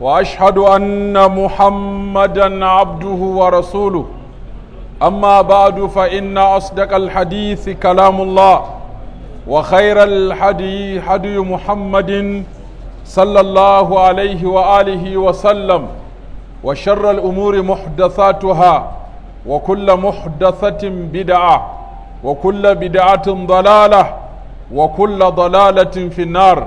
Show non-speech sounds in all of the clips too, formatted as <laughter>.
واشهد ان محمدا عبده ورسوله اما بعد فان اصدق الحديث كلام الله وخير الحدي حدي محمد صلى الله عليه واله وسلم وشر الامور محدثاتها وكل محدثه بدعه وكل بدعه ضلاله وكل ضلاله في النار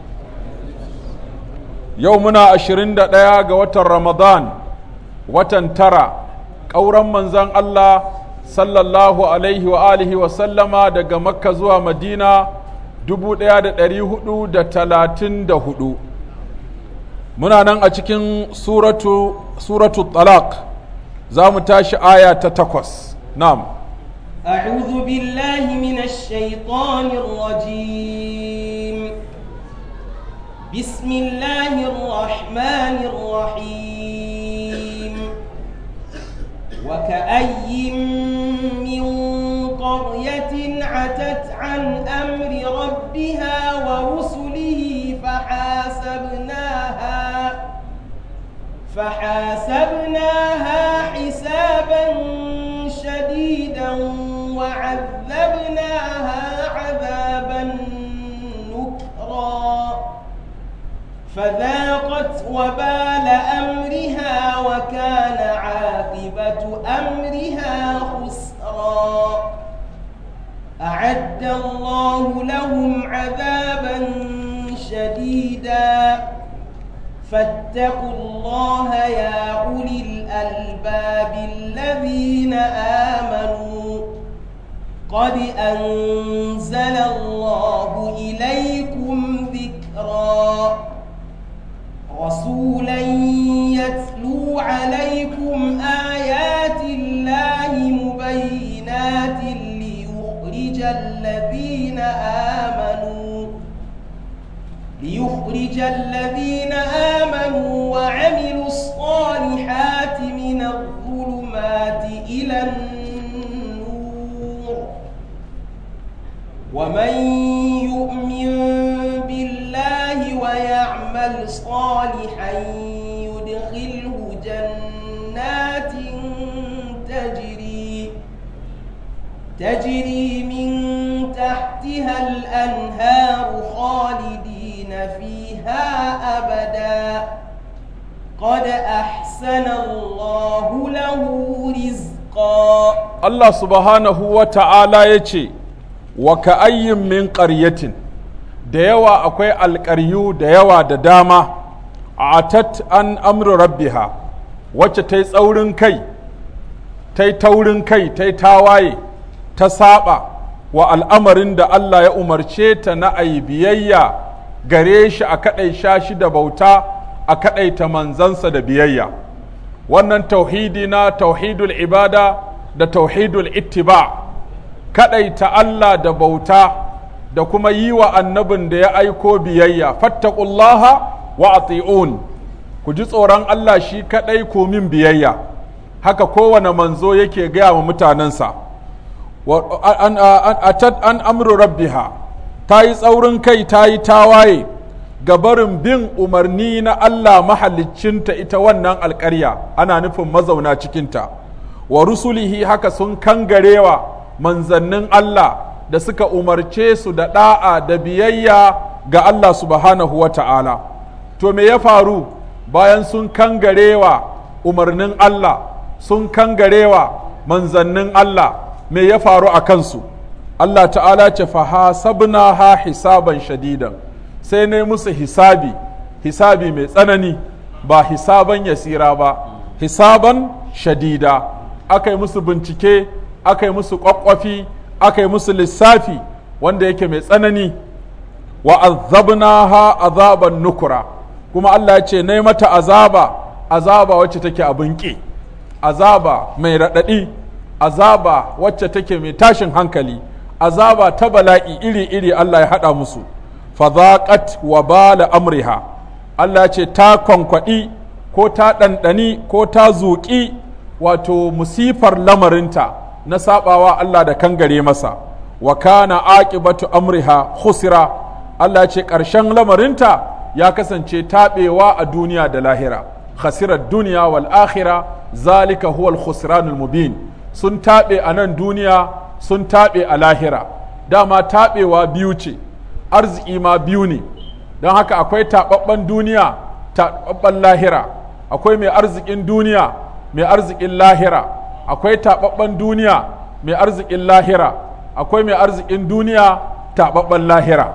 yau muna 21 ga watan ramadan watan tara ƙauran manzan Allah sallallahu alaihi wa alihi wa sallama daga makka zuwa madina 1434 muna nan a cikin suratu suratu za mu tashi aya ta takwas nam أعوذ بالله من الشيطان الرجيم بسم الله الرحمن الرحيم وكأي من قرية عتت عن أمر ربها ورسله فحاسبناها فحاسبناها فذاقت وبال أمرها وكان عاقبة أمرها خسرا أعد الله لهم عذابا شديدا فاتقوا الله يا أولي الألباب الذين آمنوا قد أنزل الله إليكم ذكرًا رسولا يتلو عليكم آيات الله مبينات ليخرج الذين آمنوا ليخرج الذين آمنوا وعملوا الصالحات من الظلمات إلى النور ومن يؤمن يعمل صالحا يدخله جنات تجري تجري من تحتها الأنهار خالدين فيها أبدا قد أحسن الله له رزقا الله سبحانه وتعالى يتي وكأي من قرية da yawa akwai alƙaryu da yawa da dama a atat an amru rabbiha wacce ta yi tsaurin kai ta yi taurin kai ta yi tawaye ta saba wa al'amarin da Allah ya umarce ta na ayi biyayya gare shi a kaɗai sha shi da bauta a kaɗaita manzansa da biyayya wannan tauhidi na tauhidul ibada da tauhidul ittiba kaɗaita Allah da bauta da kuma yi wa annabin da ya aiko biyayya Fattakullaha wa ati'un ku ji tsoron Allah shi kaɗai ko min biyayya haka kowane manzo yake gaya wa mutanensa an amru rabbiha ta yi tsaurin kai ta yi tawaye ga barin bin umarni na Allah mahaliccinta ita wannan alƙarya ana nufin mazauna cikinta wa rusulihi haka sun kangarewa manzannin Allah da suka umarce su da ɗa'a da biyayya ga Allah subhanahu wa ta'ala. To me ya faru bayan sun kangarewa umarnin Allah, sun kangarewa manzannin Allah, me ya faru a kansu? Allah ta'ala ce fahasabna ha hisaban shadidan sai ne musu hisabi, hisabi mai tsanani ba hisaban yasira ba, hisaban shadida, aka musu bincike, aka musu ƙwaƙwafi. aka yi musu lissafi wanda yake mai tsanani wa ha azaban nukura kuma Allah ya ce nai mata azaba azaba wacce take abin ƙi azaba mai raɗaɗi azaba wacce take mai tashin hankali azaba ta bala'i iri-iri Allah ya haɗa musu fazaqat wa bala amriha Allah ce ta kwankwaɗi ko ta ɗanɗani ko ta zuƙi wato musifar lamarinta na sabawa Allah da kangare masa wa kana aqibatu amriha khusira Allah ce ƙarshen lamarinta ya kasance taɓewa a duniya da lahira khasirar duniya wal akhira zalika huwal khusranul mubin sun taɓe a nan duniya sun taɓe a lahira dama taɓewa biyu ce arziki ma biyu ne don haka akwai taɓaɓɓen duniya taɓaɓɓen lahira akwai mai arzikin duniya mai arzikin lahira akwai taɓaɓɓen duniya mai arzikin lahira akwai mai arzikin duniya taɓaɓɓen lahira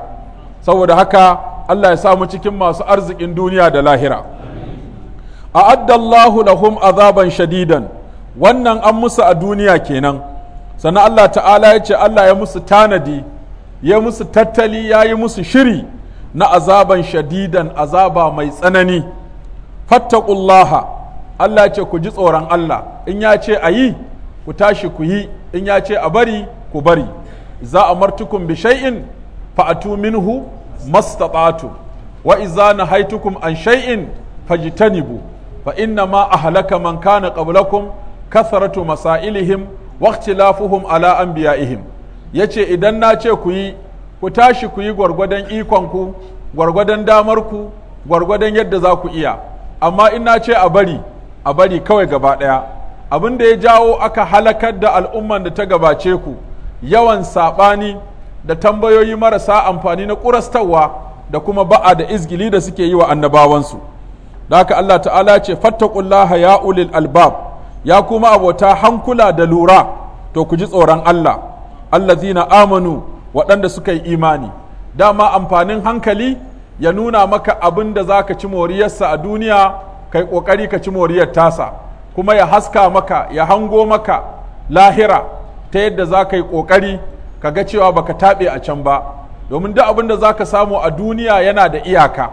saboda haka Allah ya samu cikin masu arzikin duniya da lahira a'addallahu lahum azaban shadidan wannan an musu a duniya kenan sannan Allah ta'ala ya ce Allah ya musu tanadi ya musu tattali ya yi musu shiri na azaban shadidan azaba mai tsanani fattaqullaha Allah ce ku ji tsoron Allah in ya ce a yi ku tashi ku yi in ya ce a bari ku bari za a martukun bi shay'in fa'atu minhu mastata'tu wa idza nahaitukum an shay'in fajtanibu fa inna ma ahlaka man kana qablakum kathratu masailihim wa ikhtilafuhum ala anbiya'ihim yace idan na ce ku yi ku tashi ku yi gwargwadon ikon ku gwargwadon damar ku gwargwadon yadda za ku iya amma in na ce a bari a bari kawai gaba ɗaya abin da ya jawo aka halakar da al'umman da ta gabace ku yawan saɓani da tambayoyi marasa amfani na ƙurastawa da kuma ba'a da izgili da suke yi wa annabawansu da haka Allah ta'ala ce fattaqullaha ya ulil albab ya kuma abota hankula da lura to ku ji tsoron Allah allah allazina amanu waɗanda suka yi imani dama amfanin hankali ya nuna maka abin da za ka ci moriyarsa a duniya kai kokari ka ci moriyar tasa kuma ya haska maka ya hango maka lahira ta yadda za ka yi kokari ka ga cewa baka taɓe a can ba domin duk abin da za ka samu a duniya yana da iyaka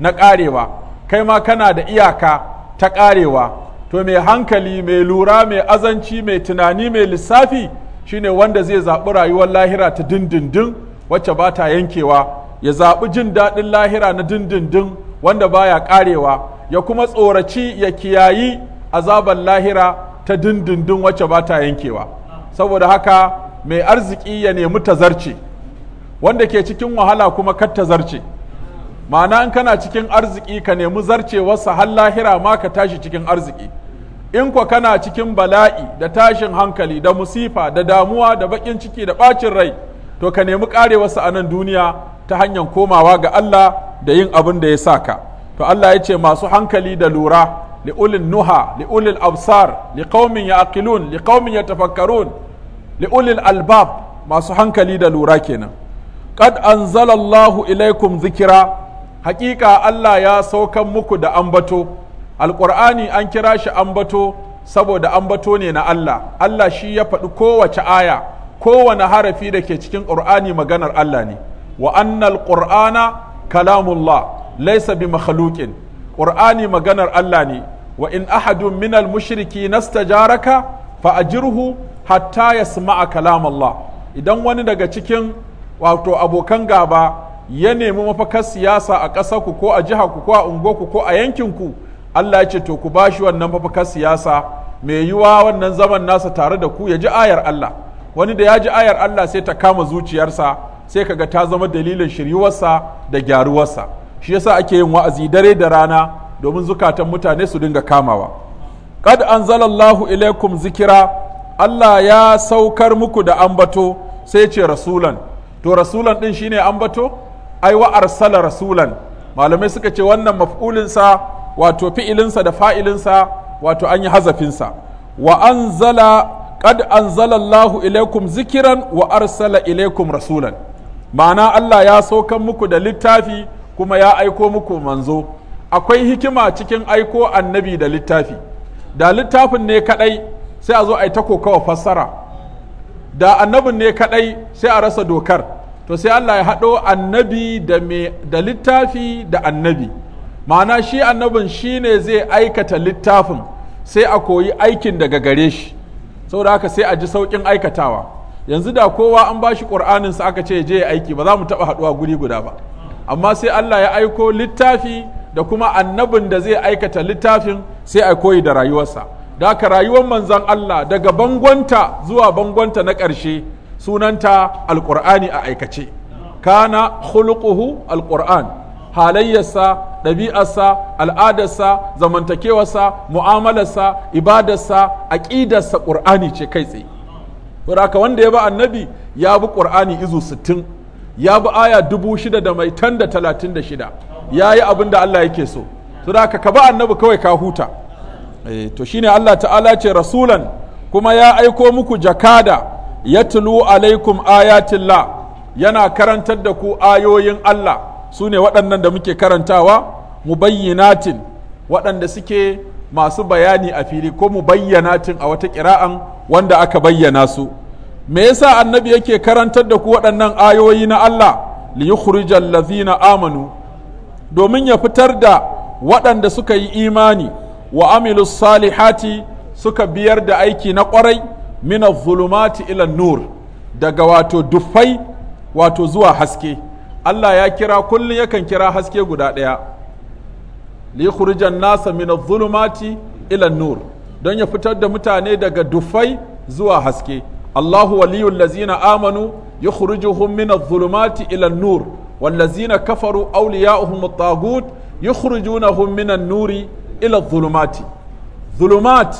na ƙarewa kai ma kana da iyaka ta ƙarewa to mai hankali mai lura mai azanci mai tunani mai lissafi shine wanda zai zaɓi rayuwar lahira ta dindindin wacce ba ta yankewa ya zaɓi jin daɗin lahira na dindindin wanda baya ƙarewa ya kuma tsoraci ya kiyayi azabar lahira ta dindindin wacce ba ta yankewa saboda haka mai arziki ya nemi tazarci wanda ke cikin wahala kuma kar zarce ma'ana in kana cikin arziki ka nemi zarce wasu har lahira ma ka tashi cikin arziki in kwa kana cikin bala'i da tashin hankali da musifa da damuwa da baƙin ciki da ɓacin rai to ka nemi wasu a nan duniya ta hanyar komawa ga Allah da yin abin da ya sa ka. to Allah ya ce masu hankali da lura li'ulin nuha ulil absar liqaumin yaqilun liqaumin yatafakkarun ulil albab masu hankali da lura kenan qad anzalallahu ilaikum zikira hakika Allah ya saukan muku da ambato alqur'ani an kira shi ambato saboda ambato ne na Allah Allah shi ya faɗi kowace aya kowane harafi da ke cikin ƙur'ani maganar Allah ne wa annal qur'ana kalamullah laisa bi makhluqin qur'ani maganar Allah ne wa in ahadun minal mushriki nastajaraka fa ajirhu hatta yasma'a kalam Allah idan wani daga cikin wato abokan gaba ya nemi mafakar siyasa a ƙasar ku ko a jiha ku ko a unguwar ku ko a yankin ku Allah ya ce to ku bashi wannan mafakar siyasa mai yiwa wannan zaman nasa tare da ku ya ji ayar Allah wani da ya ji ayar Allah sai ta kama zuciyarsa sai kaga ta zama dalilin shiryuwarsa da gyaruwarsa shi yasa ake yin wa'azi dare da rana domin zukatan mutane su dinga kamawa qad anzalallahu ilaikum zikira Allah ya saukar muku da ambato sai ce rasulan to rasulan din shine ambato ai wa arsala rasulan malamai suka ce wannan maf'ulinsa wato sa da fa'ilinsa wato an yi hazafinsa wa anzala qad anzalallahu ilaikum zikiran wa arsala ilaikum rasulan ma'ana Allah ya saukar muku da littafi kuma ya aiko muku manzo akwai hikima cikin aiko annabi da littafi da littafin ne kadai sai a zo a yi ta kokawa fassara da annabin ne kadai sai a rasa dokar to sai Allah ya haɗo annabi da me da littafi da annabi ma'ana shi annabin shi ne zai aikata littafin sai a koyi aikin daga gare shi saboda haka sai a ji saukin aikatawa yanzu da kowa an bashi shi ƙur'aninsa aka ce je aiki ba za mu taɓa haɗuwa guri guda ba amma sai Allah ya aiko littafi da kuma annabin da zai aikata littafin sai a koyi da rayuwarsa da ka rayuwar manzan Allah daga bangonta zuwa bangonta na ƙarshe sunanta alƙur'ani a aikace kana khuluquhu alƙur'an halayyarsa ɗabi'arsa al'adarsa zamantakewarsa mu'amalarsa ibadarsa aƙidarsa ƙur'ani ce kai tsaye wanda ya ba annabi ya bi ƙur'ani izu sittin ya bi aya dubu shida da mai tan da talatin da shida ya yi abin da Allah yake so to da ka ba annabi kawai ka huta eh, to shine Allah ta'ala ce rasulan kuma ya aiko muku jakada ya tulu alaikum ayatillah yana karantar da ku ayoyin Allah su ne waɗannan da muke karantawa mu mubayyinatin waɗanda suke masu bayani a fili ko mu mubayyanatin a wata ƙira'an wanda aka bayyana su me yasa annabi yake karantar da ku waɗannan ayoyi na Allah li yukhrijal ladhina amanu domin ya fitar da waɗanda suka yi imani wa amilus salihati suka biyar da aiki na ƙwarai min zulumati ila nur daga wato dufai wato zuwa haske Allah ya kira kullum yakan kira haske guda ɗaya li yukhrijan nasa min zulumati ila nur don ya fitar da mutane daga duffai zuwa haske Allahu waliyul lazina amanu yukhrijuhum min adh-dhulumati ila an-nur wallazina kafaru awliya'uhum at-taghut yukhrijunahum min an-nuri ila adh-dhulumati dhulumat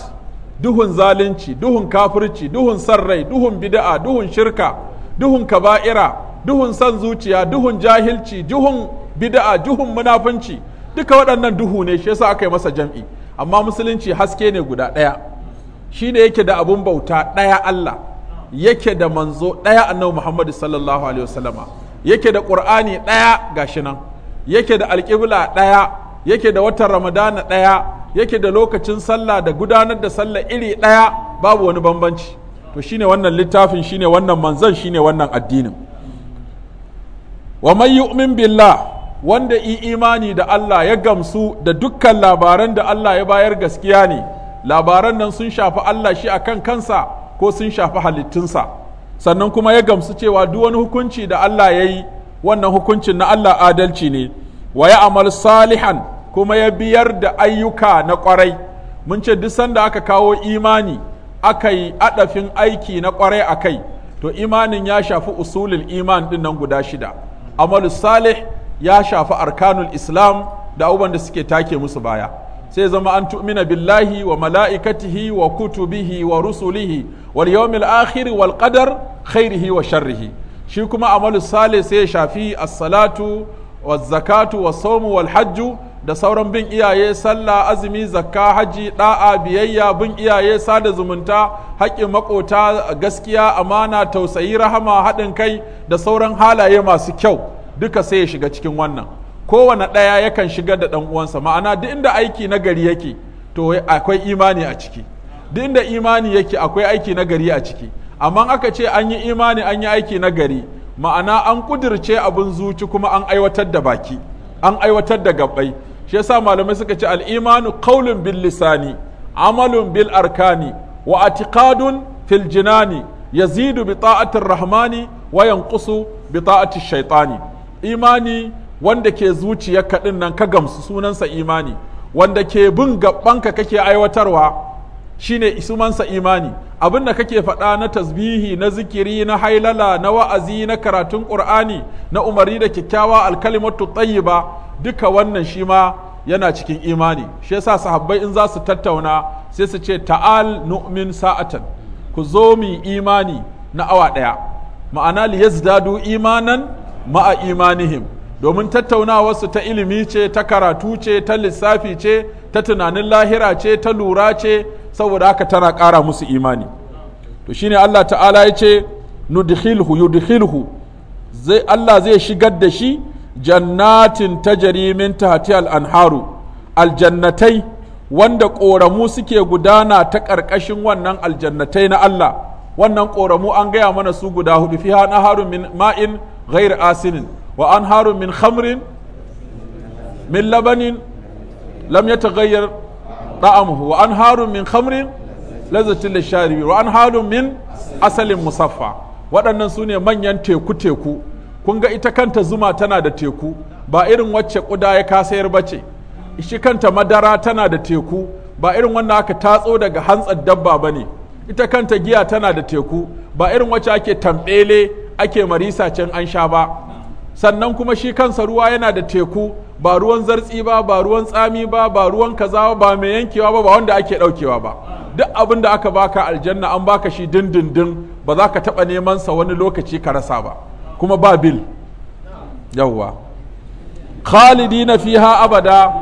duhun zalunci duhun kafirci duhun sarrai duhun bid'a duhun shirka duhun kaba'ira duhun san zuciya duhun jahilci duhun bid'a duhun munafunci duka waɗannan duhu ne shi yasa aka yi masa jam'i amma musulunci haske ne guda ɗaya shi ne yake da abun bauta ɗaya Allah yake da manzo ɗaya annabi Muhammadu sallallahu alaihi wasallama yake da Qur'ani ɗaya ga shi nan yake da alƙibla ɗaya yake da watan Ramadana ɗaya yake da lokacin sallah da gudanar da sallah iri ɗaya babu wani bambanci to shine wannan littafin shine wannan manzon shine wannan addinin wa man yu'min billah wanda yi imani da Allah ya gamsu da dukkan labaran da Allah ya bayar gaskiya ne labaran nan sun shafi Allah shi a kan kansa ko sun shafi halittunsa sannan kuma ya gamsu cewa duk wani hukunci da Allah ya yi wannan hukuncin na Allah adalci ne wa ya amal salihan kuma ya biyar da ayyuka na kwarai mun ce duk sanda aka kawo imani aka yi adafin aiki na kwarai a kai to imanin ya shafi usulin iman din nan guda shida amalu salih ya shafi arkanul islam da abubuwan da suke take musu baya sai zama an tu'mina billahi wa mala'ikatihi wa kutubihi wa rusulihi wal yawmil akhir wal qadar khairihi wa sharrihi shi kuma amalu sale sai ya shafi as-salatu was zakatu was sawmu wal hajju da sauran bin iyaye sallah azumi zakka haji da'a biyayya bin iyaye sada zumunta haƙƙin makota gaskiya amana tausayi rahama haɗin kai da sauran halaye masu kyau duka sai ya shiga cikin wannan kowane ɗaya yakan shigar da ɗan uwansa ma'ana duk inda aiki na gari yake to akwai imani a ciki duk inda imani yake akwai aiki na gari a ciki amma aka ce an yi imani an yi aiki na gari ma'ana an kudirce abin zuci kuma an aiwatar da baki an aiwatar da gabbai shi yasa malamai suka ce al'imanu imanu qaulun bil lisani amalun bil arkani wa atiqadun fil jinani yazidu bi ta'atir rahmani wa yanqusu bi ta'atir shaytani imani wanda ke zuciyarka ɗin nan ka gamsu sunansa imani wanda ke bin gabanka kake aiwatarwa shine sumansa imani abin da kake faɗa na tasbihi na zikiri na hailala na wa'azi na karatun ƙur'ani na umari da kyakkyawa alkalimatu tayyiba duka wannan shi ma yana cikin imani shi yasa sahabbai in za su tattauna sai su ce ta'al nu'min sa'atan ku zo mi imani na awa ɗaya ma'ana liyazdadu imanan ma'a imanihim domin tattaunawarsu ta ilimi ce ta karatu ce ta lissafi ce ta tunanin lahira ce ta lura ce saboda haka tana ƙara musu imani to shine Allah ta'ala ya ce nudkhilhu yudkhilhu zai Allah zai shigar da shi jannatin tajri min al anharu aljannatai wanda ƙoramu suke gudana ta ƙarƙashin wannan aljannatai na Allah wannan ƙoramu an gaya mana su guda hudu fiha naharun min ma'in ghair asinin wa anharu min khamrin min labanin lam yataghayyar da'amuhu wa anharu min khamrin da lisharibi wa anharu min asalin musaffa waɗannan su ne manyan teku-teku kun ga ita kanta zuma tana da teku ba irin wacce ƙuda ya kasayar ba ce shi kanta madara tana da teku ba irin wanda aka tatso daga hantsar dabba ba ne ita kanta giya tana da teku ba irin wacce ake tambele ake marisa can an sha ba sannan kuma shi kansa ruwa yana da teku ba ruwan zartsi ba ba ruwan tsami ba ba ruwan kaza ba mai yankewa ba ba wanda ake ɗaukewa ba duk abin da aka baka aljanna an baka shi dindindin ba za ka taba neman sa wani lokaci ka rasa ba kuma ba bil yawwa khalidina fiha abada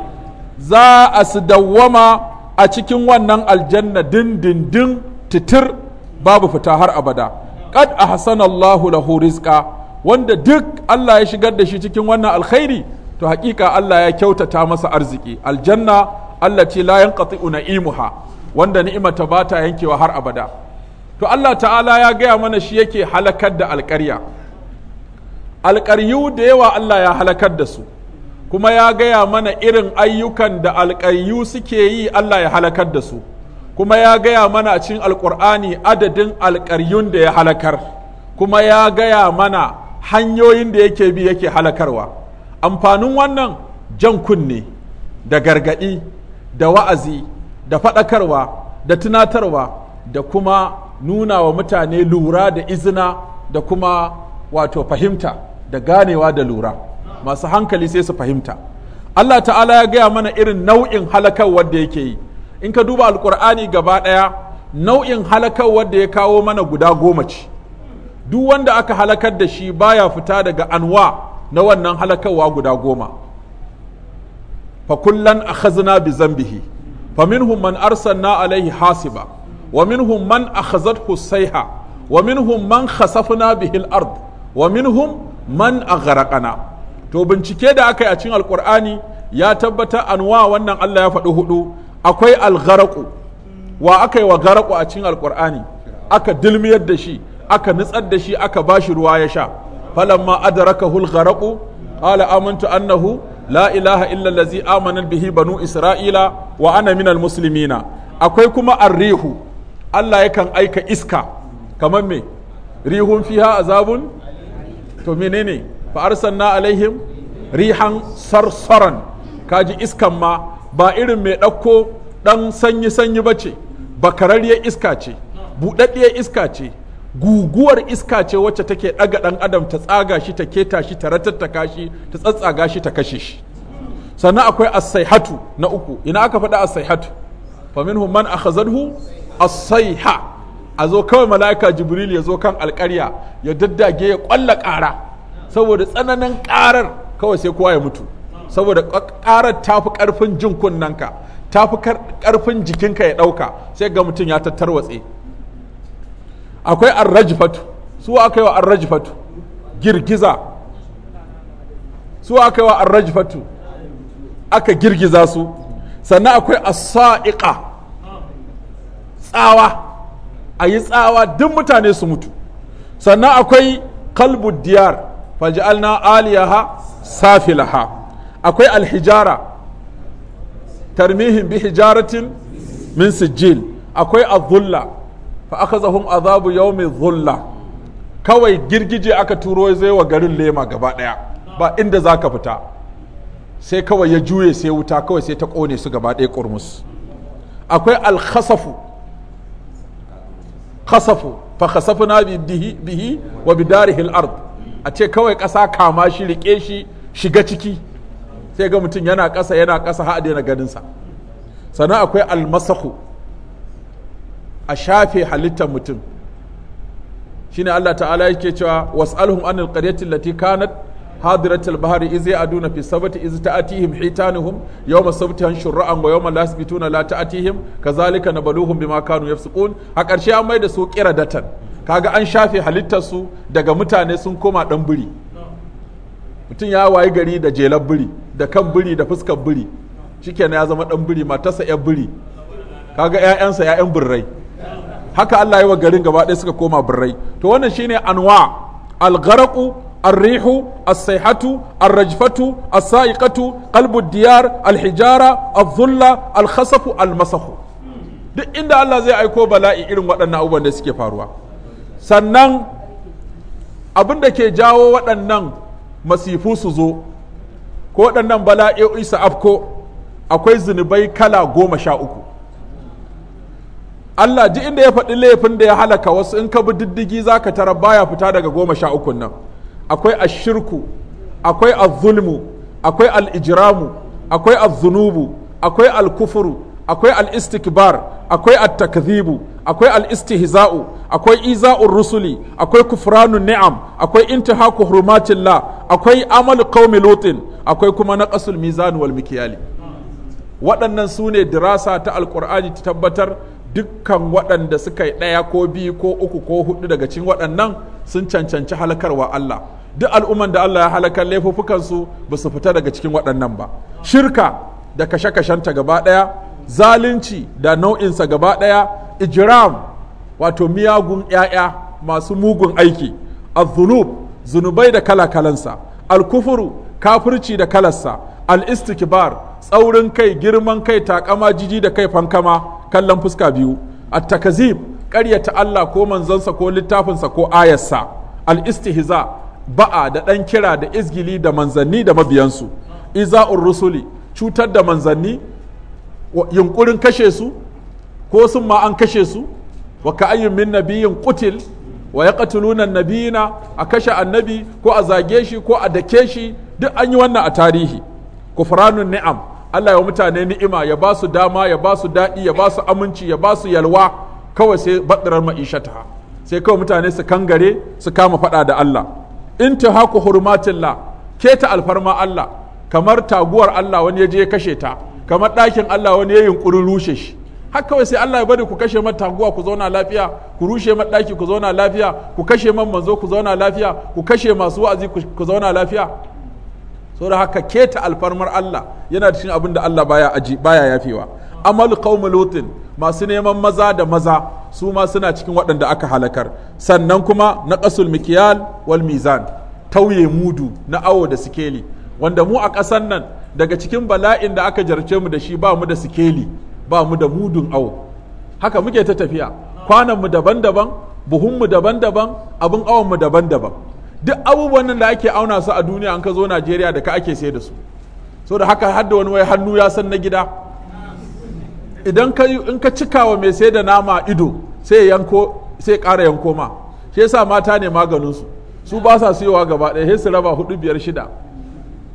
za a su dawwama a cikin wannan aljanna dindindin titir babu fita har abada qad ahsanallahu lahu rizqa wanda duk Allah ya shigar da shi cikin wannan alkhairi to hakika Allah ya kyautata masa arziki aljanna Allah ce la yanqati'u na'imuha wanda ni'imata ba ta yankewa har abada to Allah ta'ala ya gaya mana shi yake halakar da alƙarya alƙaryu da yawa Allah ya halakar da su kuma ya gaya mana irin ayyukan da alƙaryu suke yi Allah ya halakar da su kuma ya gaya mana cikin alƙur'ani adadin alƙaryun da ya halakar kuma ya gaya mana hanyoyin da yake bi yake halakarwa amfanin wannan jan kunne da gargaɗi da wa'azi da faɗakarwa da tunatarwa da kuma nuna wa mutane lura da izina da kuma wato fahimta da ganewa da lura masu hankali sai su fahimta Allah ta'ala ya gaya mana irin nau'in halakarwar wadda yake yi in ka duba alkur'ani gaba ɗaya nau'in halakarwar da ya kawo mana guda goma ce duk wanda aka halakar da shi baya fita daga anwa na wannan halakarwa guda goma fa kullan akhazna bi zambihi fa minhum man arsalna alaihi hasiba wa minhum man akhazathu sayha wa minhum man khasafna bihi al-ard wa minhum man aghraqana to bincike da aka yi a cikin alqur'ani ya tabbata anwa wannan Allah ya faɗi hudu akwai al wa aka yi wa garaƙu a cikin alqur'ani aka dilmiyar da shi aka nutsar da shi aka ba shi ruwa ya sha falamma adrakahu al-gharaqu qala amantu annahu la ilaha illa allazi amana bihi banu isra'ila wa ana minal muslimina akwai kuma arrihu Allah yakan aika iska kamar me rihun fiha azabun to menene fa arsalna alaihim rihan sarsaran kaji iskan ma ba irin mai ɗauko ɗan sanyi sanyi bace bakararriyar iska ce buɗaɗɗiyar iska ce guguwar iska ce wacce take ɗaga ɗan adam ta tsaga shi ta keta shi ta ratattaka shi ta tsatsaga shi ta kashe shi sannan akwai asaihatu hatu na uku ina aka faɗa as-saihatu fa minhum man akhazadhu as ha. a zo kawai mala'ika jibril ya zo kan alƙarya ya daddage ya ƙwalla ƙara saboda tsananin ƙarar kawai sai kowa ya mutu saboda ƙarar ta fi ƙarfin jin kunnanka ta fi ƙarfin jikinka ya ɗauka sai ga mutum ya tattarwatse akwai arrajfatu su aka yi wa arrajfatu girgiza su aka yi wa arrajfatu aka girgiza su sannan akwai asa'iƙa tsawa a yi tsawa duk mutane su mutu sannan akwai kalbu diyar na aliyaha safilaha akwai alhijara tarmihin bi hijaratin min sijil akwai azulla fa akhazahum azabu yawmi dhulla kawai girgije aka turo zai wa garin lema gaba daya ba inda zaka fita sai kawai ya juye sai wuta kawai sai ta ƙone su gaba daya kurmus akwai alkhasafu khasafu fa khasafna bihi bihi wa bidarihi al-ard a ce kawai ƙasa kama shi rike shi shiga ciki sai ga mutum yana ƙasa yana ƙasa har daina ganinsa sannan akwai almasahu a shafe halittar mutum shine Allah ta'ala yake cewa was'alhum anil qaryati allati kanat hadirat al-bahr iz ya'duna fi sabati iz ta'atihim hitanuhum yawma sabtihan shur'an wa yawma la la ta'atihim kazalika nabaluhum bima kanu yafsukun a ƙarshe an mai da su qiradatan kaga an shafe halittar su daga mutane sun koma ɗan biri mutum ya wayi gari da jelar biri da kan biri da fuskar biri shikenan ya zama ɗan biri matarsa yar biri kaga 'ya'yansa 'ya'yan birrai haka Allah ya wa garin gaba ɗaya suka koma birrai to wannan shine anwa al-gharaqu الريح الصيحة الرجفة السائقة قلب الديار al الظلة al المسخ duk inda Allah zai aiko bala'i irin waɗannan abubuwan da suke faruwa sannan abin da ke jawo waɗannan masifu su zo ko waɗannan bala'o'i su afko akwai zunubai kala goma sha uku Allah ji inda ya faɗi laifin da ya halaka wasu in ka bi diddigi za ka tara baya fita daga goma sha ukun nan akwai ashirku akwai azulmu akwai al'ijiramu akwai azunubu akwai alkufuru akwai al'istikbar akwai attakzibu akwai al'istihza'u akwai iza'ur rusuli akwai kufranun ni'am akwai intihaku hurmatillah akwai amal qaumi lutin akwai kuma naqasul mizan wal mikiyali waɗannan su ne dirasa ta alƙur'ani ta tabbatar dukkan waɗanda suka yi ɗaya ko biyu ko uku ko hudu daga cikin waɗannan sun cancanci halakarwa Allah duk al'umman da Allah ya halakar laifufukansu ba su fita daga cikin waɗannan ba shirka da kashe-kashenta gaba ɗaya zalunci da nau'insa gaba ɗaya ijiram wato miyagun ‘ya'ya masu mugun aiki azzunub zunubai da kala-kalansa al-kufuru kafirci da kalarsa al-istikbar tsaurin kai girman kai takama jiji da kai fankama kallon fuska biyu a takazib ƙaryata Allah ko manzansa ko littafinsa ko ayarsa al-istihza ba'a da ɗan kira da izgili da manzanni da mabiyansu Iza rusuli cutar da manzanni yunkurin kashe su ko sun ma an kashe su wa ka ayyun min nabiyin kutil. wa ya an na a kashe annabi ko a zage shi ko a dake shi duk an yi wannan a tarihi kufranun ni'am Allah ya mutane ni'ima ya ba su dama ya ba su daɗi ya ba su aminci ya ba su yalwa kawai sai baɗirar ma'ishata sai kawai mutane su kangare su kama faɗa da Allah in ta haku ke keta alfarma Allah kamar taguwar Allah wani ya je ya kashe ta kamar ɗakin Allah wani ya yunkuri rushe shi haka kawai sai Allah ya bari ku kashe mata taguwa ku zauna lafiya ku rushe mata ɗaki ku zauna lafiya ku kashe man manzo ku zauna lafiya ku kashe masu wa'azi ku zauna lafiya da haka keta alfarmar Allah yana cikin abin da Allah baya aji baya yafewa amal qaumul lutin masu neman maza da maza su ma suna cikin waɗanda aka halakar sannan kuma na qasul mikiyal wal mizan tauye mudu na awo da sikeli wanda mu a ƙasan nan daga cikin bala'in da aka jarce mu da shi ba mu da sikeli ba mu da mudun awo haka muke ta tafiya kwanan mu daban-daban buhun mu daban-daban abin awon mu daban-daban duk abubuwan nan da ake auna su a duniya an ka zo Najeriya da ka ake sai da su so da haka hadda wani wai hannu ya san na gida idan ka in ka cika wa mai sai da nama ido sai yanko sai ƙara yanko ma shi yasa mata ne maganin su su ba sa siyowa gaba ɗaya sai su raba hudu biyar shida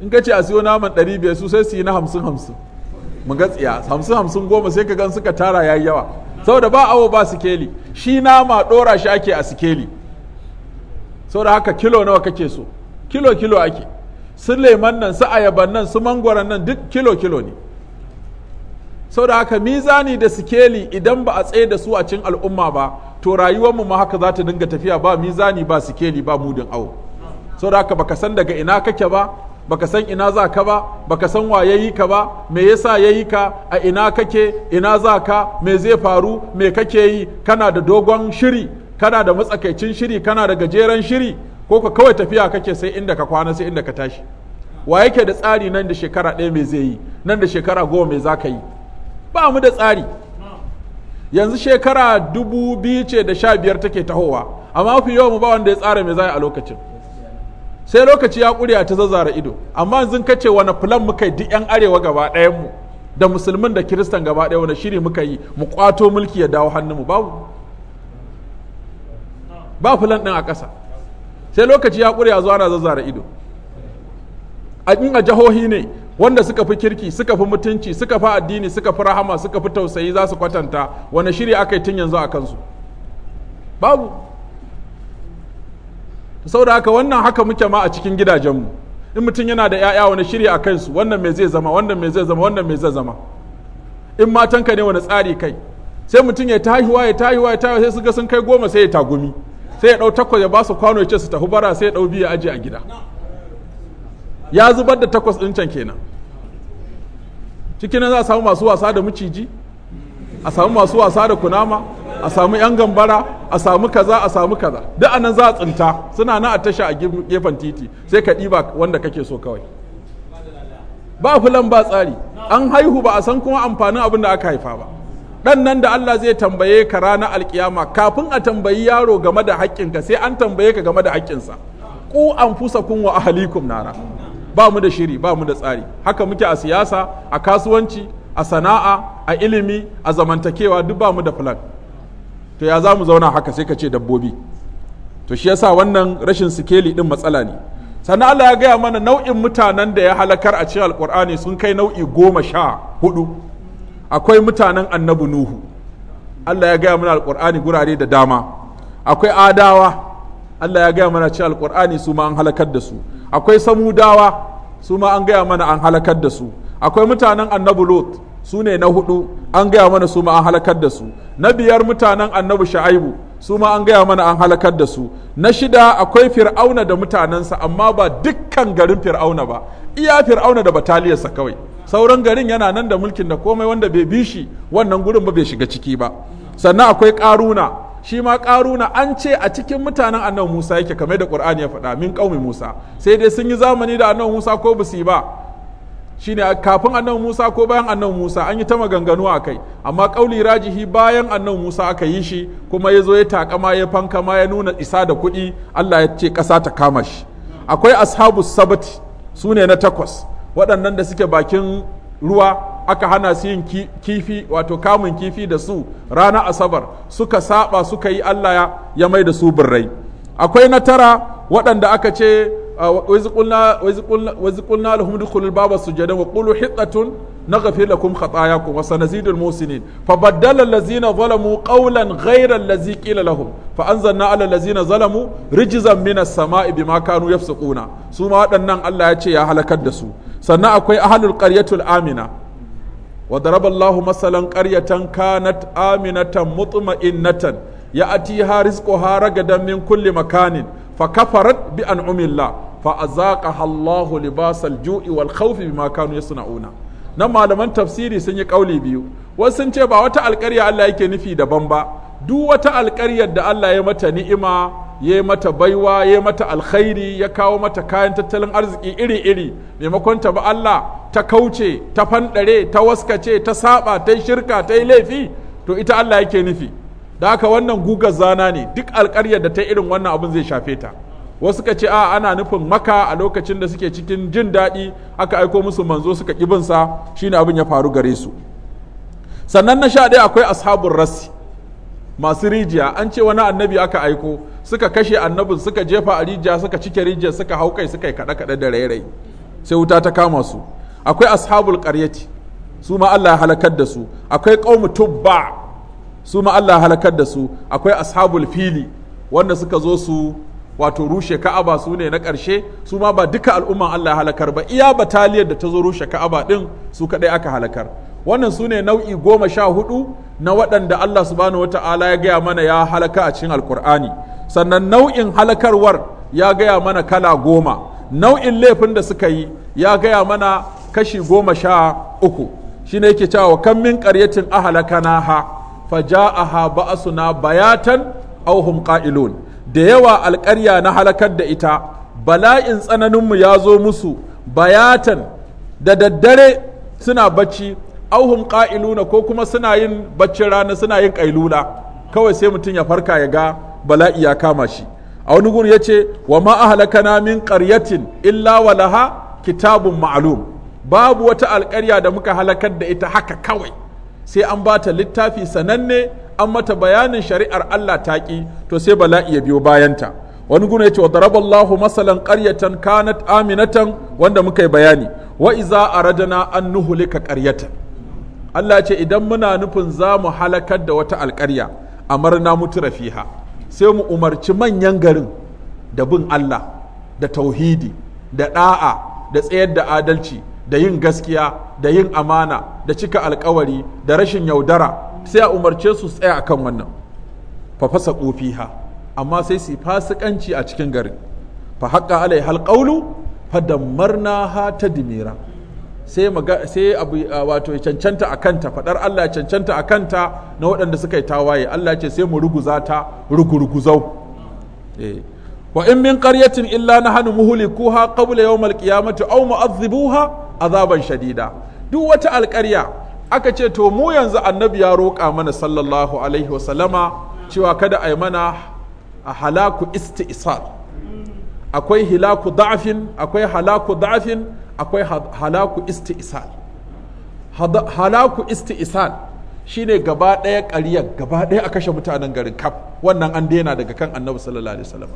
in ka ce a siyo naman ɗari biyar su sai su yi na hamsin hamsin mu ga tsiya hamsin hamsin goma sai ka gan suka tara yayi yawa saboda ba awo ba sikeli shi nama ɗora shi ake a sikeli saboda haka kilo nawa kake so kilo kilo ake su leman nan su ayaban nan su mangwaran nan duk kilo kilo ne saboda haka mizani da sikeli idan ba a tsaye da su a cin al'umma ba to rayuwar mu ma haka za ta dinga tafiya ba mizani ba sikeli ba mudin awo saboda haka baka san daga ina kake ba baka san ina za ka ba baka san wa yayi ka ba me yasa yayi ka a ina kake ina za ka me zai faru me kake yi kana da dogon shiri kana da matsakaicin shiri kana da gajeren shiri ko ka kawai tafiya kake sai inda ka kwana sai inda ka tashi wa yake da tsari nan da shekara ɗaya mai zai yi nan da shekara goma mai za ka yi ba mu da tsari yanzu shekara dubu biyu ce da sha biyar take tahowa amma mafi yawan mu ba wanda ya tsara mai za a lokacin sai lokaci ya a ta zazzara ido amma yanzu ka ce wani filan muka yi duk yan arewa gaba ɗayan mu da musulmin da kiristan gaba ɗaya wani shiri muka yi mu kwato mulki ya dawo hannun mu babu ba fulan ɗin a ƙasa sai lokaci ya ƙure a zuwa na zazzara ido a in a jihohi ne wanda suka fi kirki suka fi mutunci suka fi addini suka fi rahama suka fi tausayi za su kwatanta wani shiri aka yi tun yanzu a kansu babu sau da haka wannan haka muke ma a cikin gidajenmu in mutum yana da 'ya'ya wani shiri a kansu wannan me zai zama wannan me zai zama wannan me zai zama in matanka ne wani tsari kai sai mutum ya tahiwa ya tahiwa ya tahiwa sai su ga sun kai goma sai ya tagumi sai ya ɗau takwas ya ba su kwano ya ce su tafi bara sai ya ɗau biya aji a gida ya zubar da takwas ɗin can kenan cikin za a samu masu wasa da maciji a samu masu wasa da kunama a samu yan gambara a samu kaza a samu kaza duk anan za a tsinta suna na a tasha a gefen titi sai ka ɗiba wanda kake so kawai ba fulan ba tsari an haihu ba a san kuma amfanin abin da aka haifa ba ɗan nan da Allah zai tambaye ka ranar alkiyama kafin a tambayi yaro game da haƙƙinka sai an tambaye ka game da haƙƙinsa ku an fusa kun wa ahalikum nara ba mu da shiri ba mu da tsari haka muke a siyasa a kasuwanci a sana'a a ilimi a zamantakewa duk ba mu da plan to ya za mu zauna haka sai ka ce dabbobi to shi yasa wannan rashin sikeli din matsala ne sannan Allah ya gaya mana nau'in mutanen da ya halakar a cikin alkur'ani sun kai nau'i goma sha hudu akwai mutanen annabi nuhu Allah ya gaya mana alƙur'ani gurare da dama akwai adawa Allah ya gaya mana cewa alƙur'ani su ma an halakar da su akwai samudawa su ma an gaya mana an halakar da su akwai mutanen annabi lot su ne na hudu an gaya mana su ma an halakar da su na biyar mutanen annabi sha'aibu su ma an gaya mana an halakar da su na shida akwai fir'auna da mutanensa amma ba dukkan garin fir'auna ba iya fir'auna da bataliyarsa kawai sauran garin yana nan da mulkin da komai wanda bai bi shi wannan gurin ba bai shiga ciki ba sannan akwai karuna shi ma karuna an ce a cikin mutanen annabi Musa yake kamar da ƙur'ani ya faɗa min qaumi Musa sai dai sun yi zamani da annabi Musa ko busi ba shine kafin annabi Musa ko bayan annabi Musa an yi ta maganganu a kai amma kauli rajihi bayan annabi Musa aka yi shi kuma ya zo ya takama ya fanka ma ya nuna isa da kuɗi Allah ya ce ƙasa ta kama shi akwai ashabu sabati su ne na takwas waɗannan da suke bakin ruwa aka hana su yin kifi wato kamun kifi da su rana asabar suka saba suka yi Allah ya mai da su birrai akwai na tara waɗanda aka ce وإذ قلنا لهم ادخلوا الباب سجدا وقولوا حطة نغفر لكم خطاياكم وسنزيد المحسنين فبدل الذين ظلموا قولا غير الذي قيل لهم فأنزلنا على الذين ظلموا رجزا من السماء بما كانوا يفسقون ثم أدنا الله يتشي يا هلك الدسو سنا أكوي أهل القرية الآمنة وضرب الله مثلا قرية كانت آمنة مطمئنة يأتيها رزقها رغدا من كل مكان فكفرت بأنعم الله fa azaqaha Allahu libasal ju'i wal khawfi bima kanu yasna'una nan malaman tafsiri sun yi kauli biyu wasu sun ce ba wata alƙarya Allah yake nufi daban ba duk wata alƙaryar da Allah ya mata ni'ima ya mata baiwa ya mata alkhairi ya kawo mata kayan tattalin arziki iri-iri maimakon ta ba Allah ta kauce ta fandare ta waskace ta saba ta shirka ta laifi to ita Allah yake nufi da haka wannan gugar zana ne duk alƙaryar da ta irin wannan abin zai shafe ta wasu ka ce a ana nufin maka a lokacin da suke cikin jin daɗi aka aiko musu manzo suka ƙibinsa shine abin ya faru gare su sannan na sha ɗaya akwai ashabun rasi masu rijiya an ce wani annabi aka aiko suka kashe annabin suka jefa a rijiya suka cike rijiya suka hau kai suka yi kaɗe kaɗe da rairayi sai wuta ta kama su akwai ashabul ƙaryati su ma Allah ya halakar da su akwai ƙaumu tubba su ma Allah ya halakar da su akwai ashabul fili wanda suka zo su wato rushe ka'aba su ne na ƙarshe su ma ba duka al'umman Allah halakar ba iya bataliyar da ta zo rushe ka'aba ɗin su kaɗai aka halakar wannan su ne nau'i goma sha hudu na waɗanda Allah subhanahu wata'ala ya gaya mana ya halaka a cikin alkur'ani sannan nau'in halakarwar ya gaya mana kala goma nau'in laifin da suka yi ya gaya mana kashi goma sha uku shi ne yake cewa kan min ƙaryatin na ha fa ja'aha ba'asuna bayatan auhum kailun. da yawa alƙarya na halakar da ita bala'in tsananinmu ya zo musu bayatan da daddare suna bacci auhun ƙa'iluna ko kuma suna yin baccin rana suna yin ƙailula kawai sai mutum ya farka ya ga bala'i ya kama shi a wani gun ya ce wa ma na min ƙaryatin illa walaha kitabun ma'alum babu wata alƙarya da muka halakar da ita haka kawai sai an ba ta littafi sananne an mata bayanin shari'ar Allah ta ƙi to sai bala'i ya biyo bayanta wani guna ya ce wa daraballahu masalan ƙaryatan kanat aminatan wanda muka yi bayani wa iza aradana an lika ƙaryata. Allah ce idan muna nufin za mu halakar da wata alƙarya marna mutura fiha sai mu umarci manyan garin da bin Allah da tauhidi da da'a da tsayar da adalci da yin gaskiya da yin amana da cika alkawari da rashin yaudara sai a umarce su tsaya akan wannan fa fasa ha amma sai su fasikanci a cikin gari fa haƙa alai halƙaulu fa dammarna ha ta dimira sai sai abu wato cancanta a kanta faɗar Allah cancanta a kanta na waɗanda suka yi tawaye Allah ce sai mu ruguza ta rugurguzau eh wa in min qaryatin illa nahnu muhlikuha qabla yawm alqiyamati aw mu'adhibuha azaban shadida duk wata alƙarya aka ce to mu yanzu annabi ya roƙa mana sallallahu alaihi wasallama cewa kada ai mana a halaku isti'sar akwai halaku da'fin akwai halaku da'fin akwai halaku isti'sal halaku isti'sal shine gaba ɗaya ƙaryar gaba ɗaya a kashe mutanen garin kaf wannan an daina daga kan annabi sallallahu alaihi wasallam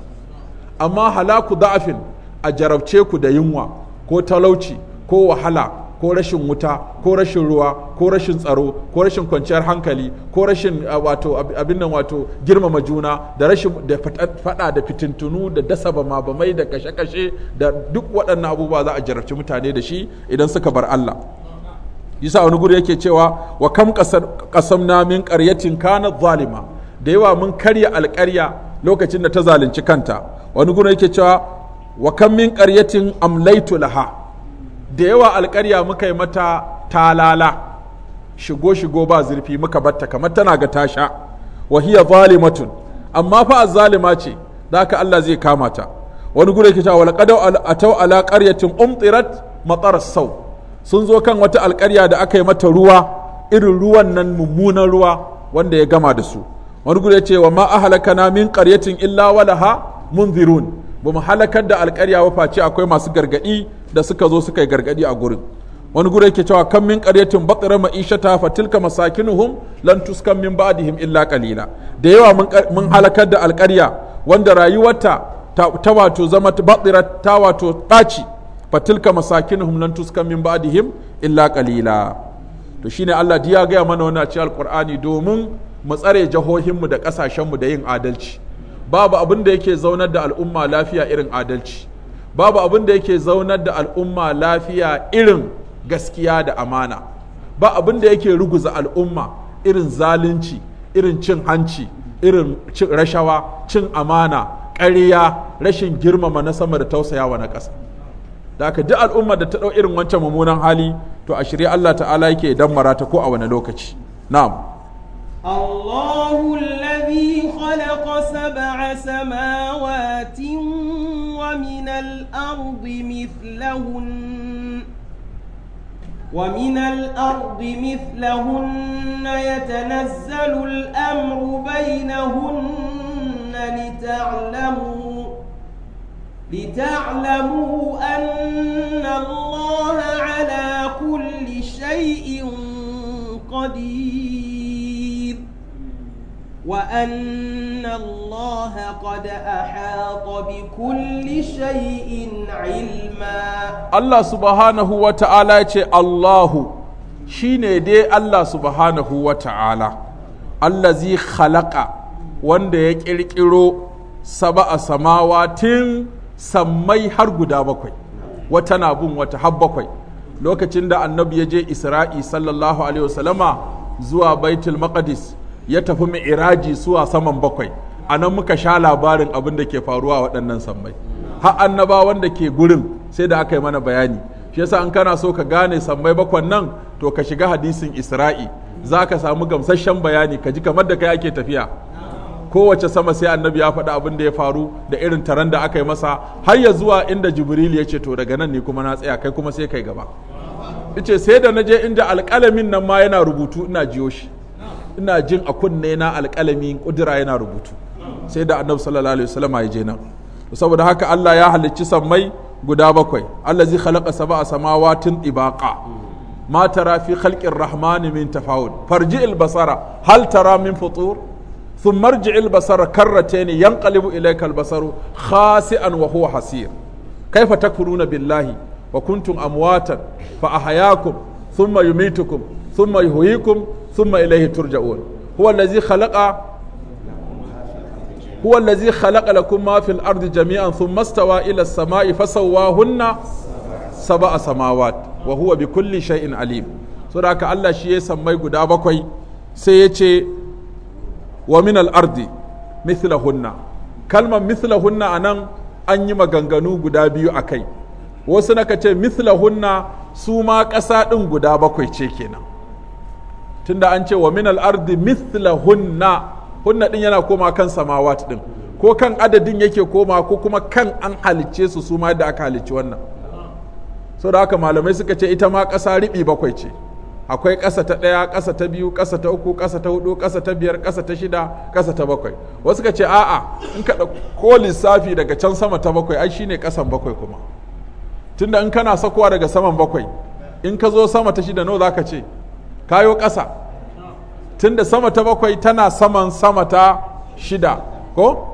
amma halaku da'afin a jarabce ku da yunwa ko talauci ko wahala ko rashin wuta ko rashin ruwa ko rashin tsaro ko rashin kwanciyar hankali ko rashin ah, wato abin nan wato girmama juna da rashin da fada da fitintunu da dasa bama bamai da kashe-kashe da duk waɗannan abubuwa za a jarabci mutane da shi idan suka bar Allah yasa wani guri yake cewa wa kam kasam namin min qaryatin kana zalima da yawa mun karya alƙarya lokacin da ta zalunci kanta wani guna yake cewa wa kan min amlaitu laha da yawa alƙarya muka yi mata talala shigo shigo ba zurfi muka batta kamar tana ga tasha wa hiya zalimatun amma fa azzalima ce ka Allah zai kama ta wani guna yake cewa laqad ataw ala qaryatin umtirat matar sau sun zo kan wata alƙarya da aka yi mata ruwa irin ruwan nan mummunan ruwa wanda ya gama da su wani gudu ya ce wa ma min karyatin illa walaha munzirun ba mu halakar da alƙarya ba face akwai masu gargaɗi da suka zo suka yi gargaɗi a gurin wani gure yake cewa kan min qaryatin batira ma'ishata fa tilka masakinuhum lan tuskan min ba'dihim illa qalila da yawa mun halakar da alƙarya wanda rayuwarta ta wato zama batira ta wato ɓaci fa tilka masakinuhum lan tuskan min ba'dihim illa kalila to shine Allah diya gaya mana wannan a cikin alƙur'ani domin mu tsare jahohinmu da ƙasashenmu da yin adalci babu abin da yake zaunar da al'umma lafiya irin adalci babu abin da yake zaunar da al'umma lafiya irin gaskiya da amana ba abin da yake ruguza al'umma irin zalunci irin cin hanci irin rashawa cin amana ƙarya rashin girmama na sama da tausayawa na ƙasa da aka ji al'umma da ta ɗau irin wancan mummunan hali to a shirya Allah ta'ala yake dan marata ko a wani lokaci na'am الله الذي خلق سبع سماوات ومن الأرض مثلهن ومن الأرض مثلهن يتنزل الأمر بينهن لتعلموا لتعلموا أن الله على كل شيء قدير وأن الله قد أحاط بكل شيء علما الله سبحانه وتعالى الله shine dai Allah subhanahu wa ta'ala allazi khalaqa wanda ya ƙirƙiro saba a samawa tun sammai har guda bakwai wata na bin wata har bakwai lokacin da annabi ya je isra'i sallallahu alaihi wasallama zuwa baitul maqdis ya tafi mi'iraji suwa saman bakwai a nan muka sha labarin abin da ke faruwa waɗannan sammai na annaba wanda ke gurin sai da aka yi mana bayani shi yasa an kana so ka gane sammai bakwan nan to ka shiga hadisin isra'i za ka samu gamsasshen bayani ka ji kamar da kai ake tafiya kowace sama sai annabi ya faɗi abin da ya faru da irin taron da aka yi masa har ya zuwa inda jibril ya ce to daga nan ne kuma na tsaya kai kuma sai kai gaba ice sai da na je inda alƙalamin nan ma yana rubutu ina jiyo shi ina jin a kunne na alƙalami ƙudura yana rubutu sai da annabi sallallahu alaihi wasallam ya je nan saboda haka Allah ya halicci sammai guda bakwai allazi khalaqa sab'a samawatin ibaqa ma tara fi khalqir rahmani min tafawud farji'il basara hal tara min futur thumma arji'il basara karratayn yanqalibu ilayka al-basaru khasi'an wa huwa hasir kaifa takfuruna billahi wa kuntum amwatan fa ahyaakum thumma yumitukum thumma yuhyikum thumma ilayhi turja'un huwa allazi khalaqa huwa allazi khalaqa lakum ma fil ardi jami'an thumma istawa ila as-sama'i fasawwahunna sab'a samawat wa huwa bi kulli alim so da haka Allah shi ya sammai guda bakwai sai ya ce wa min al-ardi mithlahunna kalmar a nan an yi maganganu guda biyu a kai wasu na kace mithlahunna su ma ƙasa ɗin guda bakwai ce kenan tunda an ce wa min ardi mithla hunna hunna din yana koma kan samawat din ko kan adadin yake koma ko kuma kan an halicce su su ma yadda aka halicci wannan so da haka malamai suka ce ita ma ƙasa riɓi bakwai ce akwai ƙasa ta ɗaya ƙasa ta biyu ƙasa ta uku ƙasa ta hudu ƙasa ta biyar ƙasa ta shida ƙasa ta bakwai wasu ka ce a'a in ka ko lissafi daga can sama ta bakwai ai shine ƙasan bakwai kuma tunda in kana sakowa daga saman bakwai in ka zo sama ta shida nawa zaka ce kayo ƙasa tunda sama ta bakwai tana saman sama ta shida ko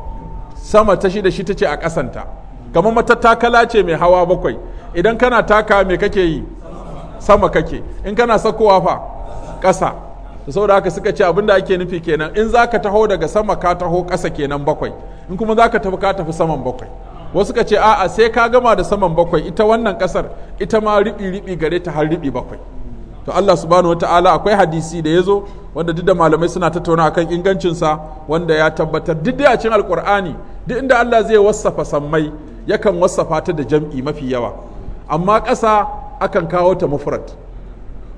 sama ta shida shi ta ce a ƙasanta kamar matattakala ce mai hawa bakwai idan kana taka me kake yi sama kake in kana sakowa fa ƙasa to saboda haka suka ce abinda ake nufi kenan in za ka taho daga sama ka taho ƙasa kenan bakwai in kuma za ka tafi ka tafi saman bakwai wasu ka ce a'a sai ka gama da saman bakwai ita wannan ƙasar ita ma riɓi riɓi gare ta har riɓi bakwai to Allah subhanahu wataala akwai hadisi da ya zo wanda duk da malamai suna tattauna akan ingancinsa wanda ya tabbatar duk da a cikin alkur'ani duk inda Allah zai wasafa sammai yakan wasafa ta da jam'i mafi yawa amma ƙasa akan kawo ta mufrad